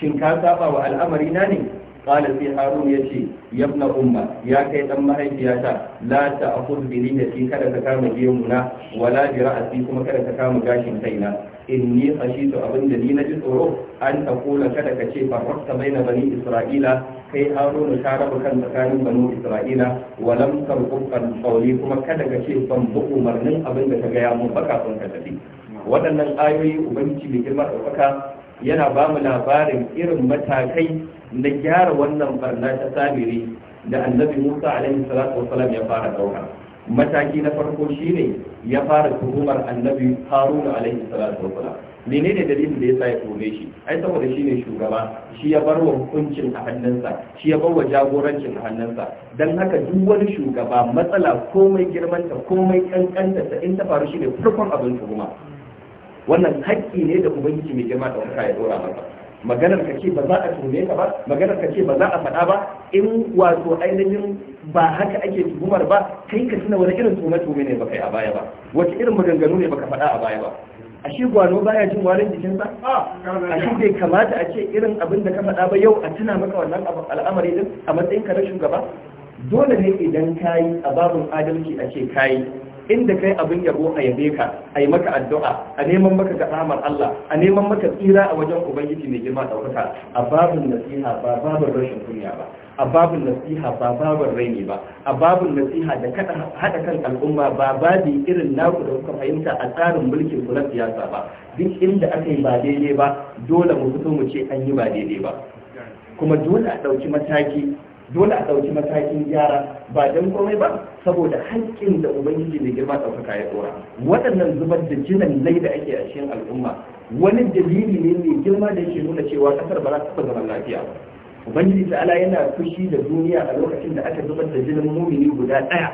شنكا سابا والأمري ناني qala sai harun yace yabna umma ya kai dan mahaifiyata la ta'khudh bi lihiyati kada ka kama gemu na wala bi ra'si kuma kada ka kama gashin kaina inni khashitu da ni naji tsoro an taqula kada ka ce farraqta baina bani isra'ila kai harun ka raba kan tsakanin bani isra'ila wa lam kan qawli kuma kada ka ce ban bu umarnin abinda ka ga ya mu baka kun ka tafi waɗannan ayoyi ubangiji mai girma ɗaukaka yana ba mu labarin irin matakai Na gyara wannan barna ta samiri da annabi musa alaihi salatu wasalam ya fara dauka mataki na farko shine ya fara tuhumar annabi haruna alaihi salatu wasalam menene dalilin da ya sa ya tuhume shi ai saboda shine shugaba shi ya barwa hukuncin a hannunsa shi ya bar wa jagorancin a hannunsa Don haka duk wani shugaba matsala komai girmanta komai kankanta ta in ta faru shine farkon abin tuhuma wannan haƙƙi ne da ubangiji mai girma da ya dora masa maganar ka ce ba za a tume ka ba maganar ka ce ba za a faɗa ba in wato ainihin ba haka ake tuhumar ba kai ka tuna wani irin tume tume ne ba kai a baya ba wace irin maganganu ne ba ka faɗa a baya ba A shi gwano baya jin warin jikinsa shi bai kamata a ce irin abin da ka faɗa ba yau a tuna maka wannan al'amari din a matsayin ka na shugaba dole ne idan kayi a babun adalci a ce kayi inda kai abin yabo a yabe ka a yi maka addu'a a neman maka karamar Allah a neman maka tsira a wajen ubangiji mai girma ɗaukaka a babin nasiha ba babin rashin kunya ba a babin nasiha ba babin raini ba a babin nasiha da haɗa kan al'umma ba babi irin naku da kuka fahimta a tsarin mulkin ku siyasa ba duk inda aka yi ba daidai ba dole mu fito mu ce an yi ba daidai ba kuma dole a ɗauki mataki dole a ɗauki matakin gyara ba don komai ba saboda haƙƙin da ubangiji mai girma ɗaukaka ya ɗora waɗannan zubar da jinan lai da ake a cikin al'umma wani dalili ne mai girma da yake nuna cewa ƙasar ba za ta zama lafiya ba ubangiji Ala yana fushi da duniya a lokacin da aka zubar da jinan mumini guda ɗaya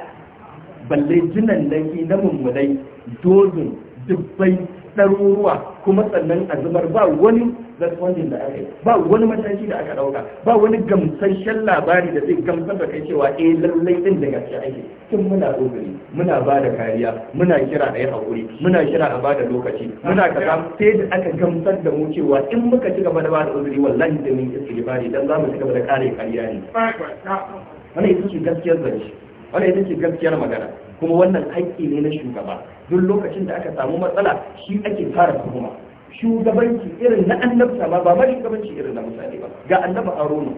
balle jinan na mummunai dozin dubbai ɗaruruwa kuma sannan azumar. ba wani responding da aka yi ba wani mataki da aka ɗauka ba wani gamsasshen labari da zai gamsar da kai cewa eh lallai din da gaske ake tun muna dogari muna ba da kariya muna kira a yi hakuri muna kira a ba da lokaci muna kaza sai da aka gamsar da mu cewa in muka ci gaba da ba da uzuri wallahi da mun istighfari dan za mu ci gaba da kare kariya ne wannan ita ce gaskiyar zance wannan ita ce gaskiyar magana kuma wannan haƙƙi ne na shugaba duk lokacin da aka samu matsala shi ake fara tuhuma shugabanci irin na annabta ma ba ma shugabanci irin na mutane ba ga annabi Haruna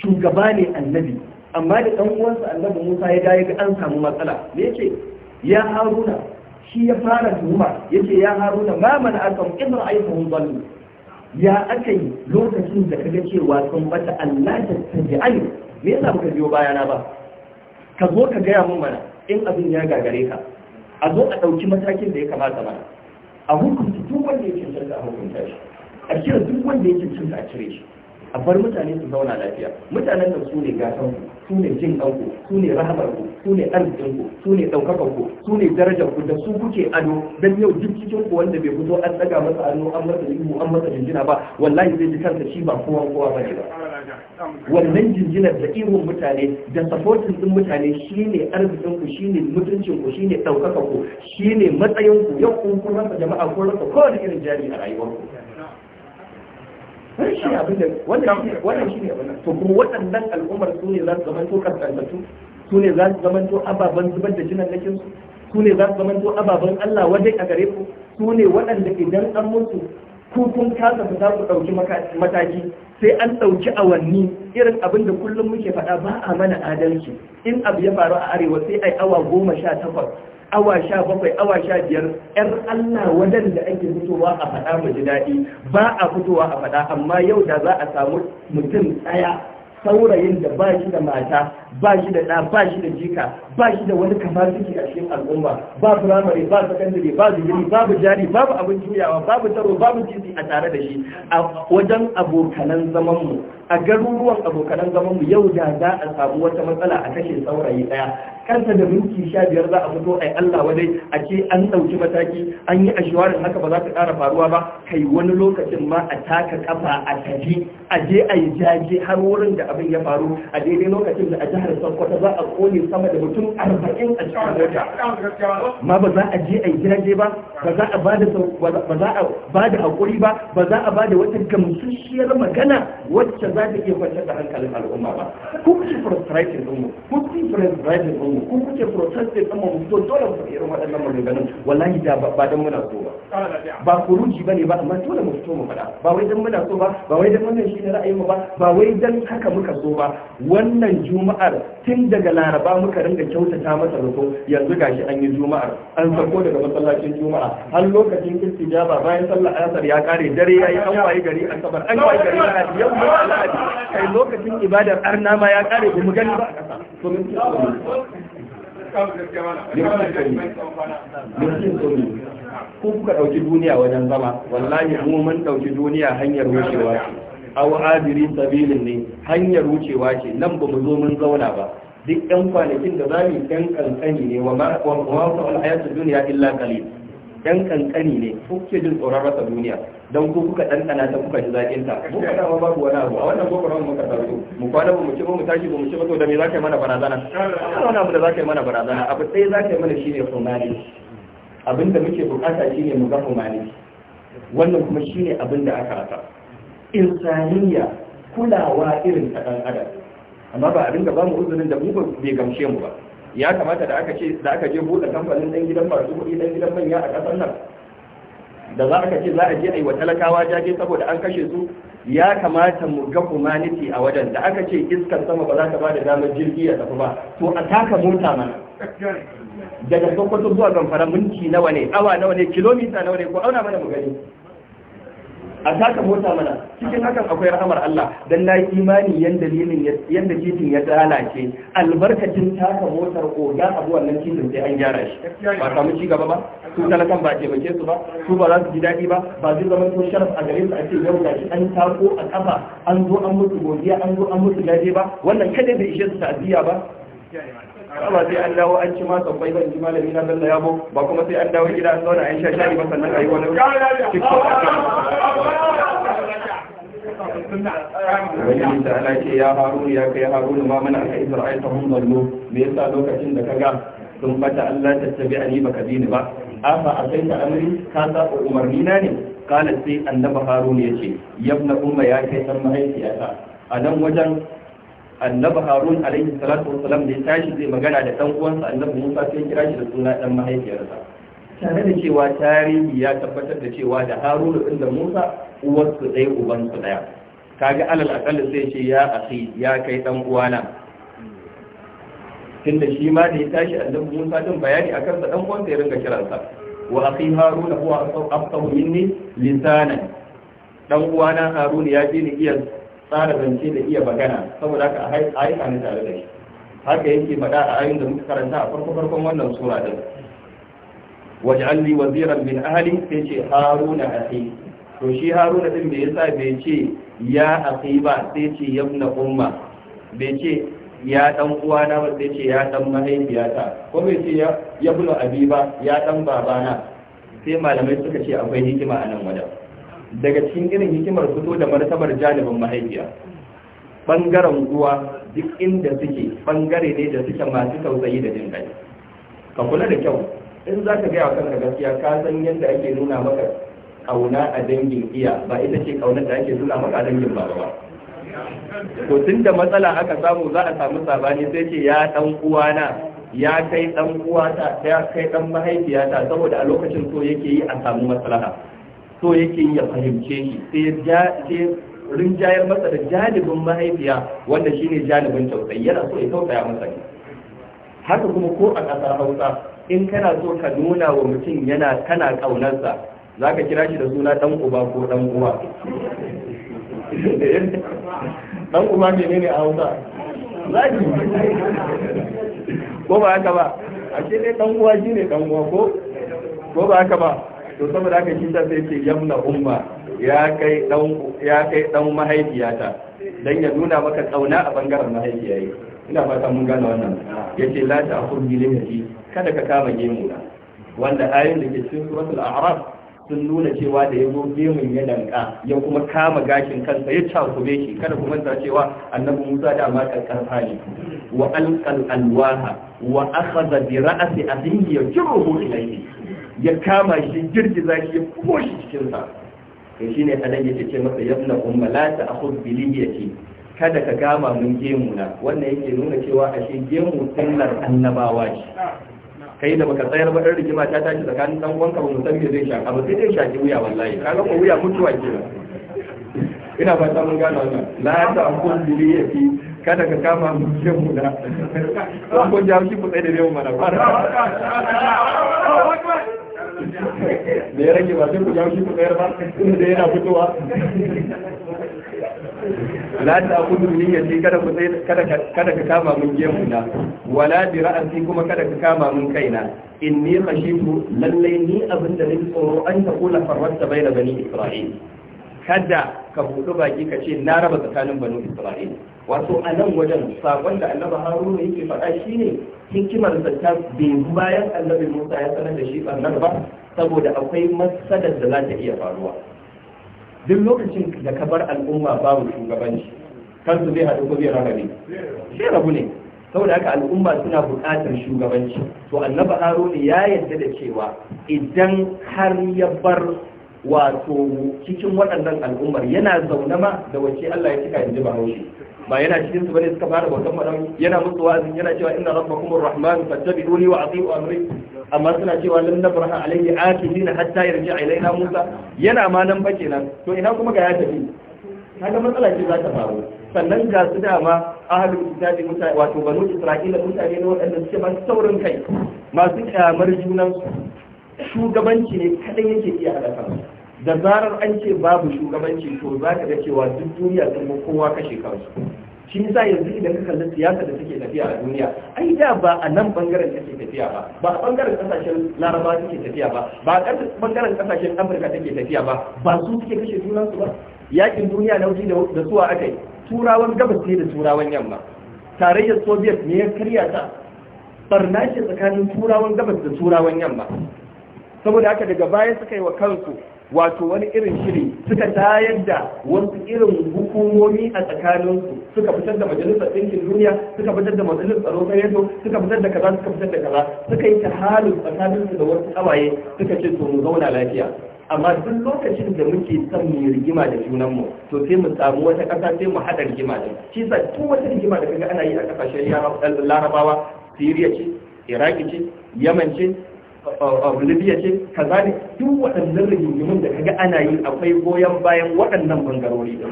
shugaba ne annabi amma da ɗan uwansa annabi Musa ya ga ga an samu matsala me yake ya Haruna shi ya fara tuhuma yace ya Haruna ma man akam in ra'aytahum dhallu ya aka yi lokacin da kaga cewa sun bata Allah ta tabi'ai me yasa baka biyo bayana ba ka zo ka gaya mun mana in abin ya gagare ka a zo a ɗauki matakin da ya kamata mana a hukunta duk wanda ya cancanta a hukunta shi a cire duk wanda ya cancanta a cire shi a bar mutane su zauna lafiya mutanen da su ne gasan ku su ne jin ɗanku su ne rahamarku su ne arzikinku su ne ɗaukakanku su ne darajarku da su kuke ado don yau duk cikin ku wanda bai fito an ɗaga masa hannu an masa ihu an masa jinjina ba wallahi zai ji kansa shi ba kowa kowa ba ne ba wannan jinjinar da ihun mutane da supporting din mutane shi ne arzikinku shi ne mutuncinku shi ne ɗaukakanku shi ne matsayinku yau kun kun rasa jama'a kun rasa kowane irin jari a rayuwarku shi abin da wannan shi ne abin to kuma waɗannan al'ummar su ne za su zamanto kaskantattu su ne za su zamanto ababen zubar da jinan nakin su su ne za su zamanto ababen Allah wajen a gare ku su ne waɗanda idan an mutu ku kun kasa fita ku ɗauki mataki sai an ɗauki awanni irin abin da kullum muke faɗa ba a mana adalci in abu ya faru a arewa sai ai awa goma sha takwas awa sha bakwai awa sha biyar yar allah waɗanda ake fitowa a faɗa mu ji daɗi ba a fitowa a faɗa amma yau da za a samu mutum ɗaya saurayin da ba shi da mata ba shi da ɗa ba shi da jika ba shi da wani kamar suke a cikin al'umma ba firamare ba sakandare ba zubiri babu jari babu abin juyawa babu taro babu titi a tare da shi a wajen abokanan zamanmu a garuruwan abokanan zaman mu yau da za a samu wata matsala a kashe saurayi daya kanta da minti sha biyar za a fito ai Allah wadai a ce an ɗauki mataki an yi ashwarin haka ba za ta ƙara faruwa ba kai wani lokacin ma a taka kafa a tafi a je a yi jaje har wurin da abin ya faru a daidai lokacin da a jihar Sokoto za a kone sama da mutum arba'in a cikin mota ma ba za a je a yi jaje ba ba za a ba da ba za a ba da hakuri ba ba za a ba da wata gamsasshiyar magana wacce za za ta iya kwantar da hankalin al'umma ba Ko kuke frustrating ɗinmu Ko kuke frustrating ɗinmu Ko kuke protesting ɗinmu mu to dole mu faɗi irin waɗannan maganganun wallahi da ba dan muna so ba ba kuruji bane ba amma dole mu fito mu faɗa ba wai don muna so ba ba wai don wannan shine ra'ayin mu ba ba wai dan haka muka so ba wannan juma'ar tun daga laraba muka ringa kyautata masa rufo yanzu gashi an yi juma'ar an sako daga masallacin juma'a har lokacin ba bayan sallar asar ya kare dare yayi an wayi gari asabar an wayi gari yau kai lokacin ibadar arna ma ya kare ba mu gani ba a to mun ko kuka ɗauki duniya wajen zama wallahi mu mun ɗauki duniya hanyar wucewa aw adiri sabilin ne hanyar wucewa ce nan ba mu zo mun zauna ba duk ɗan kwanakin da za mu ɗan kankani ne wa ma wa ma duniya illa qalil dan kankani ne ko kuke jin tsoron rasa duniya dan ko kuka ɗanɗana ta kuka ji zakin ta mu kada ba babu wani abu a wannan mu ka taru mu kwana mu ci mu tashi mu ci ba to da me zaka yi mana barazana kana wani abu da zaka yi mana barazana abu sai zaka yi mana shine humanity abinda muke bukata shine mu ga humanity wannan kuma shine abinda aka rasa insaniya kulawa irin ta dan adam amma ba a dinga ba mu uzurin da mu bai gamshe mu ba ya kamata da aka ce da aka je buɗe kamfanin ɗan gidan masu kuɗi ɗan gidan manya a ƙasar nan da za aka ce za a je a yi wa talakawa jaje saboda an kashe su ya kamata mu ga humanity a wajen da aka ce iskar sama ba za ta ba da damar jirgi ya tafi ba to a taka mota mana daga sokoto zuwa zamfara minti nawa ne awa nawa ne kilomita nawa ne ko auna mana mu gani a taka mota mana cikin hakan akwai rahamar Allah dan na imani yanda limin yanda titin ya lalace albarkacin taka motar oga abu wannan titin sai an gyara shi ba samu ci gaba ba su talakan ba taimake su ba su ba za su ji daɗi ba ba zai zama to sharaf a gare su a ce yau ga shi an tako a kafa an zo an mutu godiya an zo an mutu gaje ba wannan kada bai ishe su ta'aziyya ba ba sai an dawo an ci ma sabbai ban ji malami na sallah ya bo ba kuma sai an dawo gida an zauna an sha shayi ba sannan ayi wani tiktok wani ta ala ce ya harunu ya kai harunu ma mana aka isra aita hun zallo me yasa lokacin da ka ga sun bata Allah ta tabi ani baka dini ba afa akai ta amri ka sa umarni na ne kala sai annabi harunu ya ce yabna umma ya kai san mahaifiyata a nan wajen annabi harun alaihi salatu wassalam da ya tashi zai magana da dan uwansa annabi musa sai kira shi da suna dan mahaifiyarsa tare da cewa tarihi ya tabbatar da cewa da harun din da musa uwarsu ɗaya ubansu ɗaya kaga alal akalli sai ce ya akhi ya kai dan uwana tunda shi ma da ya tashi annabi musa din bayani akan sa dan uwansa ya ringa kiransa wa akhi harun huwa afqahu minni lisanan dan uwana harun ya ji ni iya tsara zance da iya magana saboda haka a haika ni tare da shi haka yake faɗa a ayin da muka karanta a farko farkon wannan sura din waj'al waziran bin ahli sai ce haruna akhi to shi haruna din me yasa bai ce ya akhi ba sai ce yabna umma bai ce ya dan uwana ba sai ce ya dan mahaifiyata ko bai ce ya yabna abi ba ya dan babana sai malamai suka ce akwai hikima a nan wajen daga cikin irin hikimar fito da martabar janibin mahaifiya bangaren uwa duk inda suke bangare ne da suke masu tausayi da jin kai ka kula da kyau in za ka gaya kanka gaskiya ka san yadda ake nuna maka kauna a dangin iya ba ita ce kaunar da ake nuna maka a dangin baba ba to tun da matsala aka samu za a samu sabani sai ce ya dan uwana ya kai ɗan uwata ya kai ɗan mahaifiyata saboda a lokacin so yake yi a samu maslaha so yake ya fahimce shi sai ya rinjayar masa da jalibin mahaifiya wanda shine jalibin tausayi yana so ya tausaya masa ne haka kuma ko a ƙasar hausa in kana so ka nuna wa mutum yana kana ƙaunarsa za ka kira shi da suna ɗan uba ko ɗan uwa ɗan uba menene a hausa zaki ko ba haka ba a ce ne ɗan uwa shi ne ɗan uwa ko ba haka ba to saboda haka shi ta sai ce yamna umma ya kai dan ya kai dan mahaifiyata dan ya nuna maka kauna a bangaren mahaifiyaye ina fata mun gane wannan yace la ta akhur bi limati kada ka kama gemu na wanda ayin da ke cikin suratul a'raf sun nuna cewa da yazo gemun ya danka ya kuma kama gashin kansa ya cakube shi kada kuma ta cewa annabi Musa da ma karkarfa ne wa alqal alwaha wa akhadha bi ra'si abihi yajruhu ilayhi ya kama shi za shi ya kuma shi cikin sa shi ne anan yake ce masa yabna umma la ta'khudh ya ce kada ka gama mun gemu na wannan yake nuna cewa ashe gemu sunnar annabawa ce kai da baka tsayar ba ɗan rigima ta tashi tsakanin dan uwanka ba me zai shaka ba sai dai shaki wuya wallahi kaga ko wuya mutuwa ke ina ba ta mun gano wannan la ta akun ya ce kada ka kama mun gemu na da ko jawo shi ku tsaye da yau mana fara da ya rage ba sai ku jawo shi ku tsayar ba inda da yana fitowa la ta kudu niyyati kada ku kada kada ka kama mun gemu na wala bi ra'asi kuma kada ka kama mun kaina inni khashitu Lallai ni abinda nake tsoro an ta kula farwata bai bani isra'il kada ka buɗe baki ka ce na raba tsakanin banu isra'ila wato a nan wajen sakon da annabi haruna yake faɗa shine hikimar ta bai bayan annabi musa ya sanar da shi annabi ba saboda akwai matsalar da za ta iya faruwa duk lokacin da ka bar al'umma babu shugabanci kansu zai haɗu ko zai ne sai rabu ne saboda haka al'umma suna buƙatar shugabanci to annabi haruna ya yarda da cewa idan har ya bar wato cikin waɗannan al'ummar yana zaune ma da wace Allah ya cika in ji bahaushe ba yana cikin su bane suka fara bautan madan yana musu wa'azi yana cewa inna rabbakum arrahman fattabi'uni wa ati'u amri amma suna cewa lan nabraha alayhi akilin hatta yarji ilaina musa yana ma nan bace nan to ina kuma ga ya tafi kaga matsala ce za ta faru sannan ga su dama ahalul kitabi mutane wato banu isra'ila mutane ne waɗanda suke masu saurin kai masu kyamar junansu shugabanci ne kaɗai yake iya halaka da zarar an ce babu shugabanci to za ka ga cewa duk duniya sun kowa kashe kansu shi yasa yanzu idan ka kalli siyasa da take tafiya a duniya ai da ba a nan bangaren take tafiya ba ba a bangaren kasashen larabawa take tafiya ba ba a bangaren kasashen amurka take tafiya ba ba su suke kashe junansu ba yakin duniya na wuce da suwa aka yi turawan gabas ne da turawan yamma tarayyar soviet ne ya karya ta barna ce tsakanin turawan gabas da turawan yamma saboda haka daga baya suka yi wa kansu wato wani irin shiri suka tayar da wasu irin hukumomi a tsakaninsu suka fitar da majalisar ɗinkin duniya suka fitar da majalisar tsaro ta yanzu suka fitar da kaza suka fitar da kaza suka yi tahalin tsakaninsu da wasu kawaye suka ce su mu zauna lafiya amma duk lokacin da muke son mu rigima da junanmu to sai mu samu wata ƙasa sai mu haɗa rigima da shi sa tun wata rigima da kaga ana yi a ƙasashen larabawa siriya ce iraki ce yaman ce ce kaza ne duk waɗannan rigingimin da kaga ana yi akwai goyon bayan waɗannan bangarori din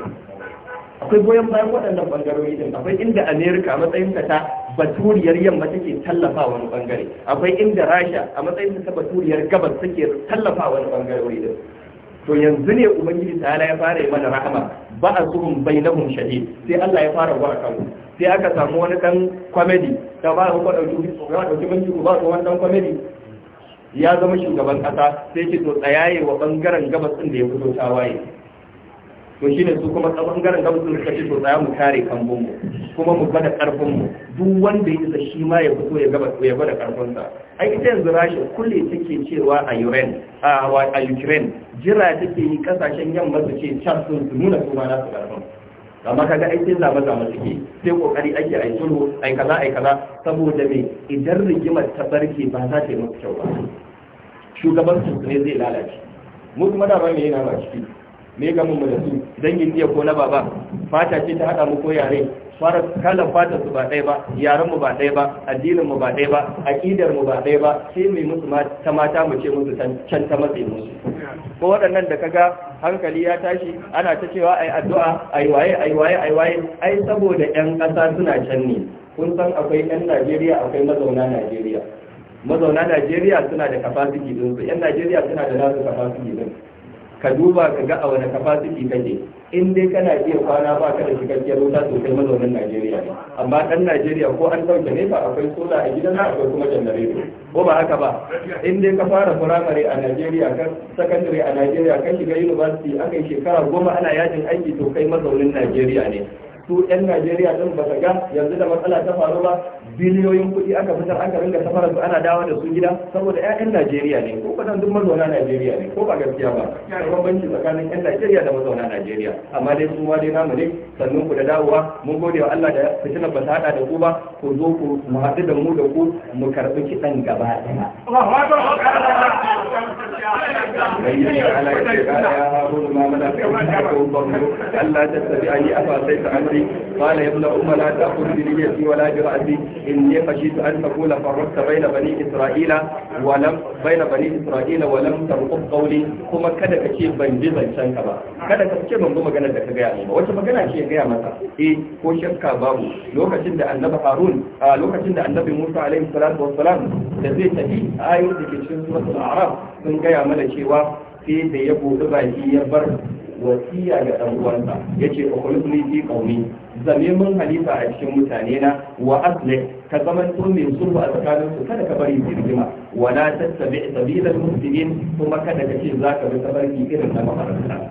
akwai goyon bayan waɗannan bangarori din akwai inda America a matsayin ta baturiyar yamma take tallafa wani bangare akwai inda Rasha a matsayin ta baturiyar gabas take tallafa wani bangarori din to yanzu ne ubangiji ta ya fara yi mana rahama ba a zuhun na shahid sai Allah ya fara wa kan sai aka samu wani dan kwamedi ta ba ku dauki ku ba a minti ba ku wani dan kwamedi ya zama shugaban kasa sai ce to tsayaye wa bangaren gabas din da ya fito tawaye to shine su kuma bangaren gabas din suka ce to tsaya mu kare kambun mu kuma mu gwada karfin mu duk wanda ya isa shi ma ya fito ya gabas ya gwada karfin sa ai ita yanzu rashin kulle take cewa a Ukraine a a Ukraine jira take yi kasashen yamma su ce can sun nuna su ma na su karfin amma kaga ai sai zama zama suke sai kokari ake ai sulhu ai kaza ai kaza saboda me idan rigimar ta barke ba za ta yi mutuwa kyau ba shugabancin ne zai lalace mu kuma da ba me yana ba ciki me ga mu da su dangin iya ko na baba fata ce ta hada mu ko yare fara kalan fata su ba ɗaya ba yaran mu ba ɗaya ba addinin mu ba ɗaya ba aqidar mu ba ɗaya ba sai mai musu ta mata mu ce musu can ta matsayi musu ko waɗannan da kaga hankali ya tashi ana ta cewa ai addu'a ai waye ai waye ai waye ai saboda 'yan ƙasa suna can ne kun san akwai 'yan Najeriya akwai mazauna Najeriya mazauna najeriya suna da kafasiki din su yan najeriya suna da nasu kafasiki din ka duba ka ga a wani kafasiki kake in dai kana iya kwana ba ka da cikakkiyar wuta sosai mazaunin najeriya ne amma dan najeriya ko an dauke ne ba akwai sola a gidan akwai kuma janareto ko ba haka ba in dai ka fara firamare a najeriya ka sakandare a najeriya kan shiga university aka kai shekara goma ana yajin aiki to kai mazaunin najeriya ne su 'yan najeriya din ba ga yanzu da matsala ta faru ba biliyoyin kuɗi aka fitar an ringa safarar su ana dawo da su gida saboda 'ya'yan Najeriya ne ko kadan duk mazauna Najeriya ne ko ba gaskiya ba yana banci tsakanin 'yan Najeriya da mazauna Najeriya amma dai su dai namu ne sannan ku da dawowa mun gode wa Allah da fitinar ba ta hada da ku ba ku zo ku mu haɗu da mu da ku mu karɓi kiɗan gaba ɗaya. Allah ta tafi a yi afa sai ta amri قال يا ابن أم ne تأخذ wala ولا برأسي inni khashitu an taqula farraqta baina bani baina bani isra'ila wa lam kuma kada ka ce ban ji zancen ka ba kada ka ce ban bi maganar da ka gaya min ba wace magana ce gaya masa eh ko shakka babu lokacin da annabi harun a lokacin da annabi musa alaihi salatu wassalam da zai tafi ayoyin da ke cikin suratul sun gaya mana cewa sai da ya buɗi baki ya bar wasiya ga ɗan uwansa yace ukhulifni zame mun halifa a cikin mutane na wa asli ka zama to mai sulhu a tsakanin su kada ka bari rigima wala tattabi sabilal muslimin kuma kada ka ce zaka bi tabarki irin na mafarauta.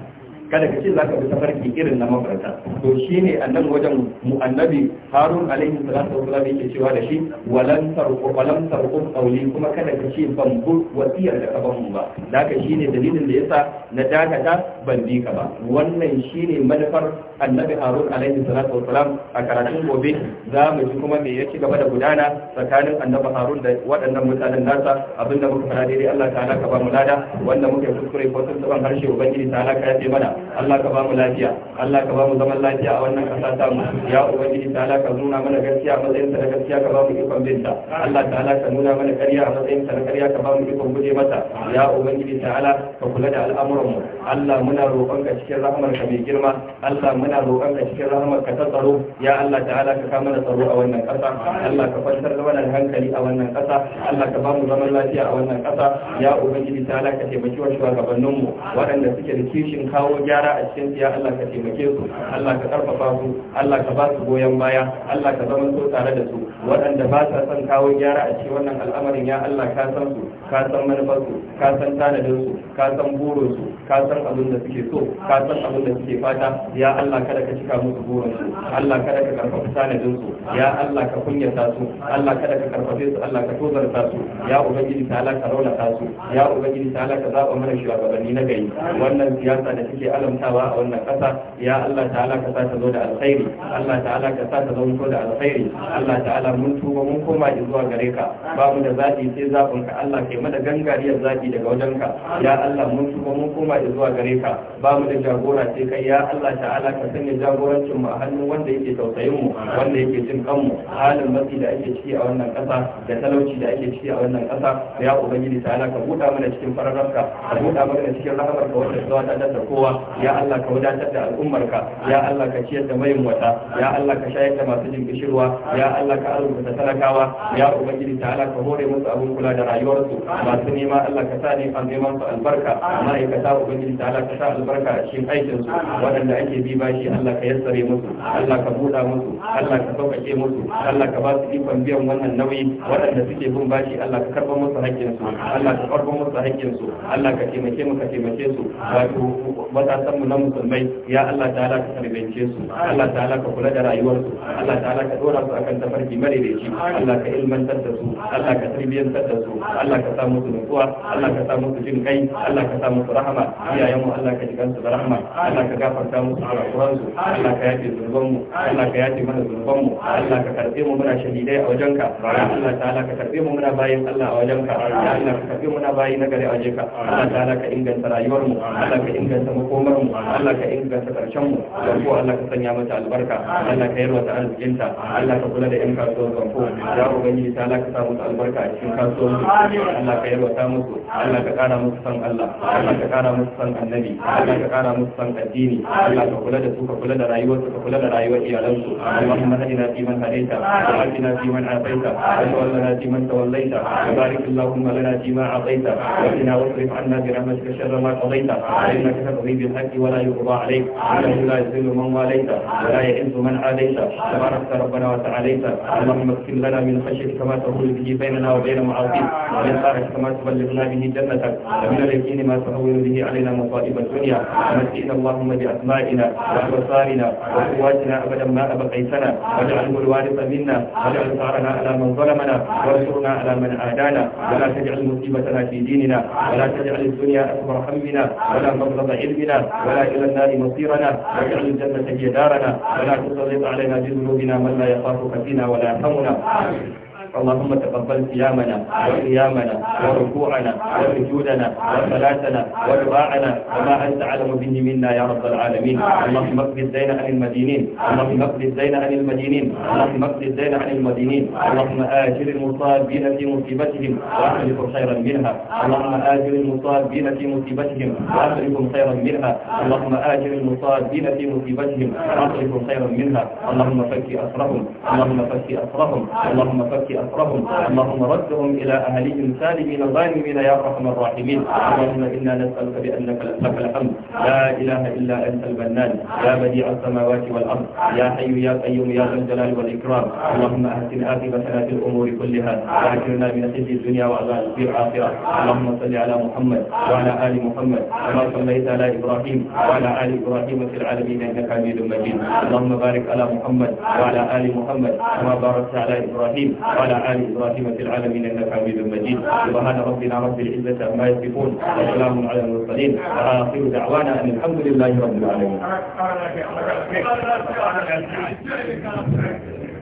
kada ka ce za ka bi tafarki irin na mafarta to shi ne annan wajen mu annabi harun alaihi salatu wa salam yake cewa da shi walan tarqu walan tarqu qawli kuma kada ka ce ban bu wasiyar da ka ban ba da shi ne dalilin da yasa na dakata ban bi ka ba wannan shi ne manufar annabi harun alaihi salatu wa a karatun gobe za mu ji kuma me ya gaba da gudana tsakanin annabi harun da waɗannan mutanen nasa abinda muka fara daidai Allah ta'ala ka ba mu lada wanda muka kuskure ko sun harshe ubangiji ta'ala ka yafe mana Allah ka ba mu lafiya Allah ka ba mu zaman lafiya a wannan kasa ta mu ya ubangiji ta Allah ka nuna mana gaskiya a matsayin ta na gaskiya ka ba mu ikon binta Allah ta Allah ka nuna mana ƙarya a matsayin ta na ƙarya ka ba mu ikon guje mata ya ubangiji ta Allah ka kula da al'amuran mu Allah muna roƙon ka cikin rahmar ka mai girma Allah muna roƙon ka cikin rahmar ka ta tsaro ya Allah ta Allah ka ka mana tsaro a wannan kasa Allah ka kwantar da mana hankali a wannan kasa Allah ka ba mu zaman lafiya a wannan kasa ya ubangiji ta Allah ka taimaki wa shugabannin mu waɗanda suke da kishin kawo gyara a cikin siya Allah ka taimake su Allah ka karfafa su Allah ka ba su goyon baya Allah ka zama so tare da su waɗanda ba sa son kawo gyara a cikin wannan al'amarin ya Allah ka san su ka san manufar su ka san tanadin su ka san burin su ka san abin da suke so ka san abin da suke fata ya Allah kada ka cika musu burin su Allah kada ka karfafa tanadin su ya Allah ka kunyata su Allah kada ka karfafe su Allah ka tozarta su ya ubangiji ta Allah ka raunata su ya ubangiji ta Allah ka zaba mana shugabanni na gari wannan siyasa da take alamtawa a wannan ƙasa ya Allah ta'ala ka sa ta zo da alkhairi Allah ta'ala ka sa ta zo da alkhairi Allah ta'ala mun tuba mun koma zuwa gare ka ba mu da zabi sai zabin ka Allah kai mada gangariyar zabi daga wajen ka ya Allah mun tuba mun koma zuwa gare ka ba mu da jagora sai kai ya Allah ta'ala ka sanya jagorancin mu a hannun wanda yake tausayin mu wanda yake jin kanmu halin matsi da ake ciki a wannan kasa da talauci da ake ciki a wannan kasa ya ubangiji ta'ala ka buɗa mana cikin fararka ka buɗa mana cikin rahamarka wanda zuwa ta da kowa ya Allah ka wadatar da al'ummarka ya Allah ka ciyar da mayin wata ya Allah ka shayar da masu jin kishirwa ya Allah ka arzuta talakawa ya ubangiji ta Allah ka hore musu abun kula da rayuwarsu masu nema Allah ka sa ne a neman su albarka ma'aikata ubangiji ta Allah ka sa albarka a cikin aikin su waɗanda ake bi bashi Allah ka yassare musu Allah ka buɗa musu Allah ka sauƙaƙe musu Allah ka ba su ikon biyan wannan nauyi waɗanda suke bin bashi Allah ka karɓa musu haƙƙinsu Allah ka karɓa musu haƙƙinsu Allah ka taimake mu ka taimake su wato wata matasan mu na musulmai ya Allah ta'ala ka tarbiyance su Allah ta'ala ka kula da rayuwar su Allah ta'ala ka dora su akan tafarki mare da shi Allah ka ilmantar da su Allah ka tarbiyantar da su Allah ka sa musu nutsuwa Allah ka sa musu jin kai Allah ka sa musu rahama iyayen mu Allah ka jigan su da rahama Allah ka gafarta musu a rayuwar su Allah ka yafe zunuban mu Allah ka yafe mana zunuban mu Allah ka karbe mu muna shahidai a wajenka ya Allah ta'ala ka karbe mu muna bayin Allah a wajenka ya Allah ka karbe mu muna bayi na gare a wajenka Allah ta'ala ka inganta rayuwar mu Allah ka inganta makomar makomar mu Allah ka inganta karshen mu zanko Allah ka sanya mata albarka Allah ka yarwata arzikinta Allah ka kula da yan kasuwar zanko ya ta Allah ka sa musu albarka a cikin kasuwar Allah ka yarwata musu Allah ka kara musu san Allah Allah ka kara musu san annabi Allah ka kara musu san addini Allah ka kula da su ka kula da rayuwar su ka kula da rayuwar iyalansu Allahumma hadina fi man hadaita wa fi man afaita wa tawallana fi man tawallaita wa barik Allahumma lana fi ma wa qina anna bi rahmatika sharra ma يهدي ولا يقضى عليك انه لا يذل من واليت ولا يعز من عاديت تباركت ربنا وتعاليت اللهم اغفر لنا من خشيتك ما تقول به بيننا وبين معاصيك ومن طاعتك ما تبلغنا به جنتك ومن اليقين ما تهون به علينا مصائب الدنيا ومسئنا اللهم باسمائنا وابصارنا وقواتنا ابدا ما ابقيتنا واجعله الوارث منا واجعل ثارنا على من ظلمنا وانصرنا على من عادانا ولا تجعل مصيبتنا في ديننا ولا تجعل الدنيا اكبر همنا ولا مبلغ علمنا ولا إلى النار مصيرنا واجعل الجنة هي دارنا ولا تسلط علينا بذنوبنا من لا يخافك فينا ولا يرحمنا اللهم تقبل صيامنا وقيامنا وركوعنا وسجودنا وصلاتنا ودعاءنا وما أنت أعلم به منا يا رب العالمين اللهم اقض الدين عن المدينين اللهم اقض الدين عن المدينين اللهم اقض الدين عن المدينين اللهم اجر المصابين في مصيبتهم واخلف خيرا منها اللهم اجر المصابين في مصيبتهم واخلف خيرا منها اللهم اجر المصابين في مصيبتهم واخلف خيرا منها اللهم فك أسرهم اللهم فك أسرهم اللهم فك أسرهم أسرهم اللهم ردهم إلى أهلهم سالمين غانمين يا أرحم الراحمين اللهم إنا نسألك بأنك لك الحمد لا إله إلا أنت المنان يا بديع السماوات والأرض يا حي يا قيوم يا ذا الجلال والإكرام اللهم أحسن عاقبتنا في الأمور كلها وأجرنا من خزي الدنيا وعذاب الآخرة اللهم صل على محمد وعلى آل محمد كما صليت على إبراهيم وعلى آل إبراهيم في العالمين إنك حميد مجيد اللهم بارك على محمد وعلى آل محمد كما باركت على إبراهيم وعلى وعلى آل إبراهيم في العالمين إنك حميد مجيد سبحان ربنا رب العزة عما يصفون وسلام على المرسلين وآخر دعوانا أن الحمد لله رب العالمين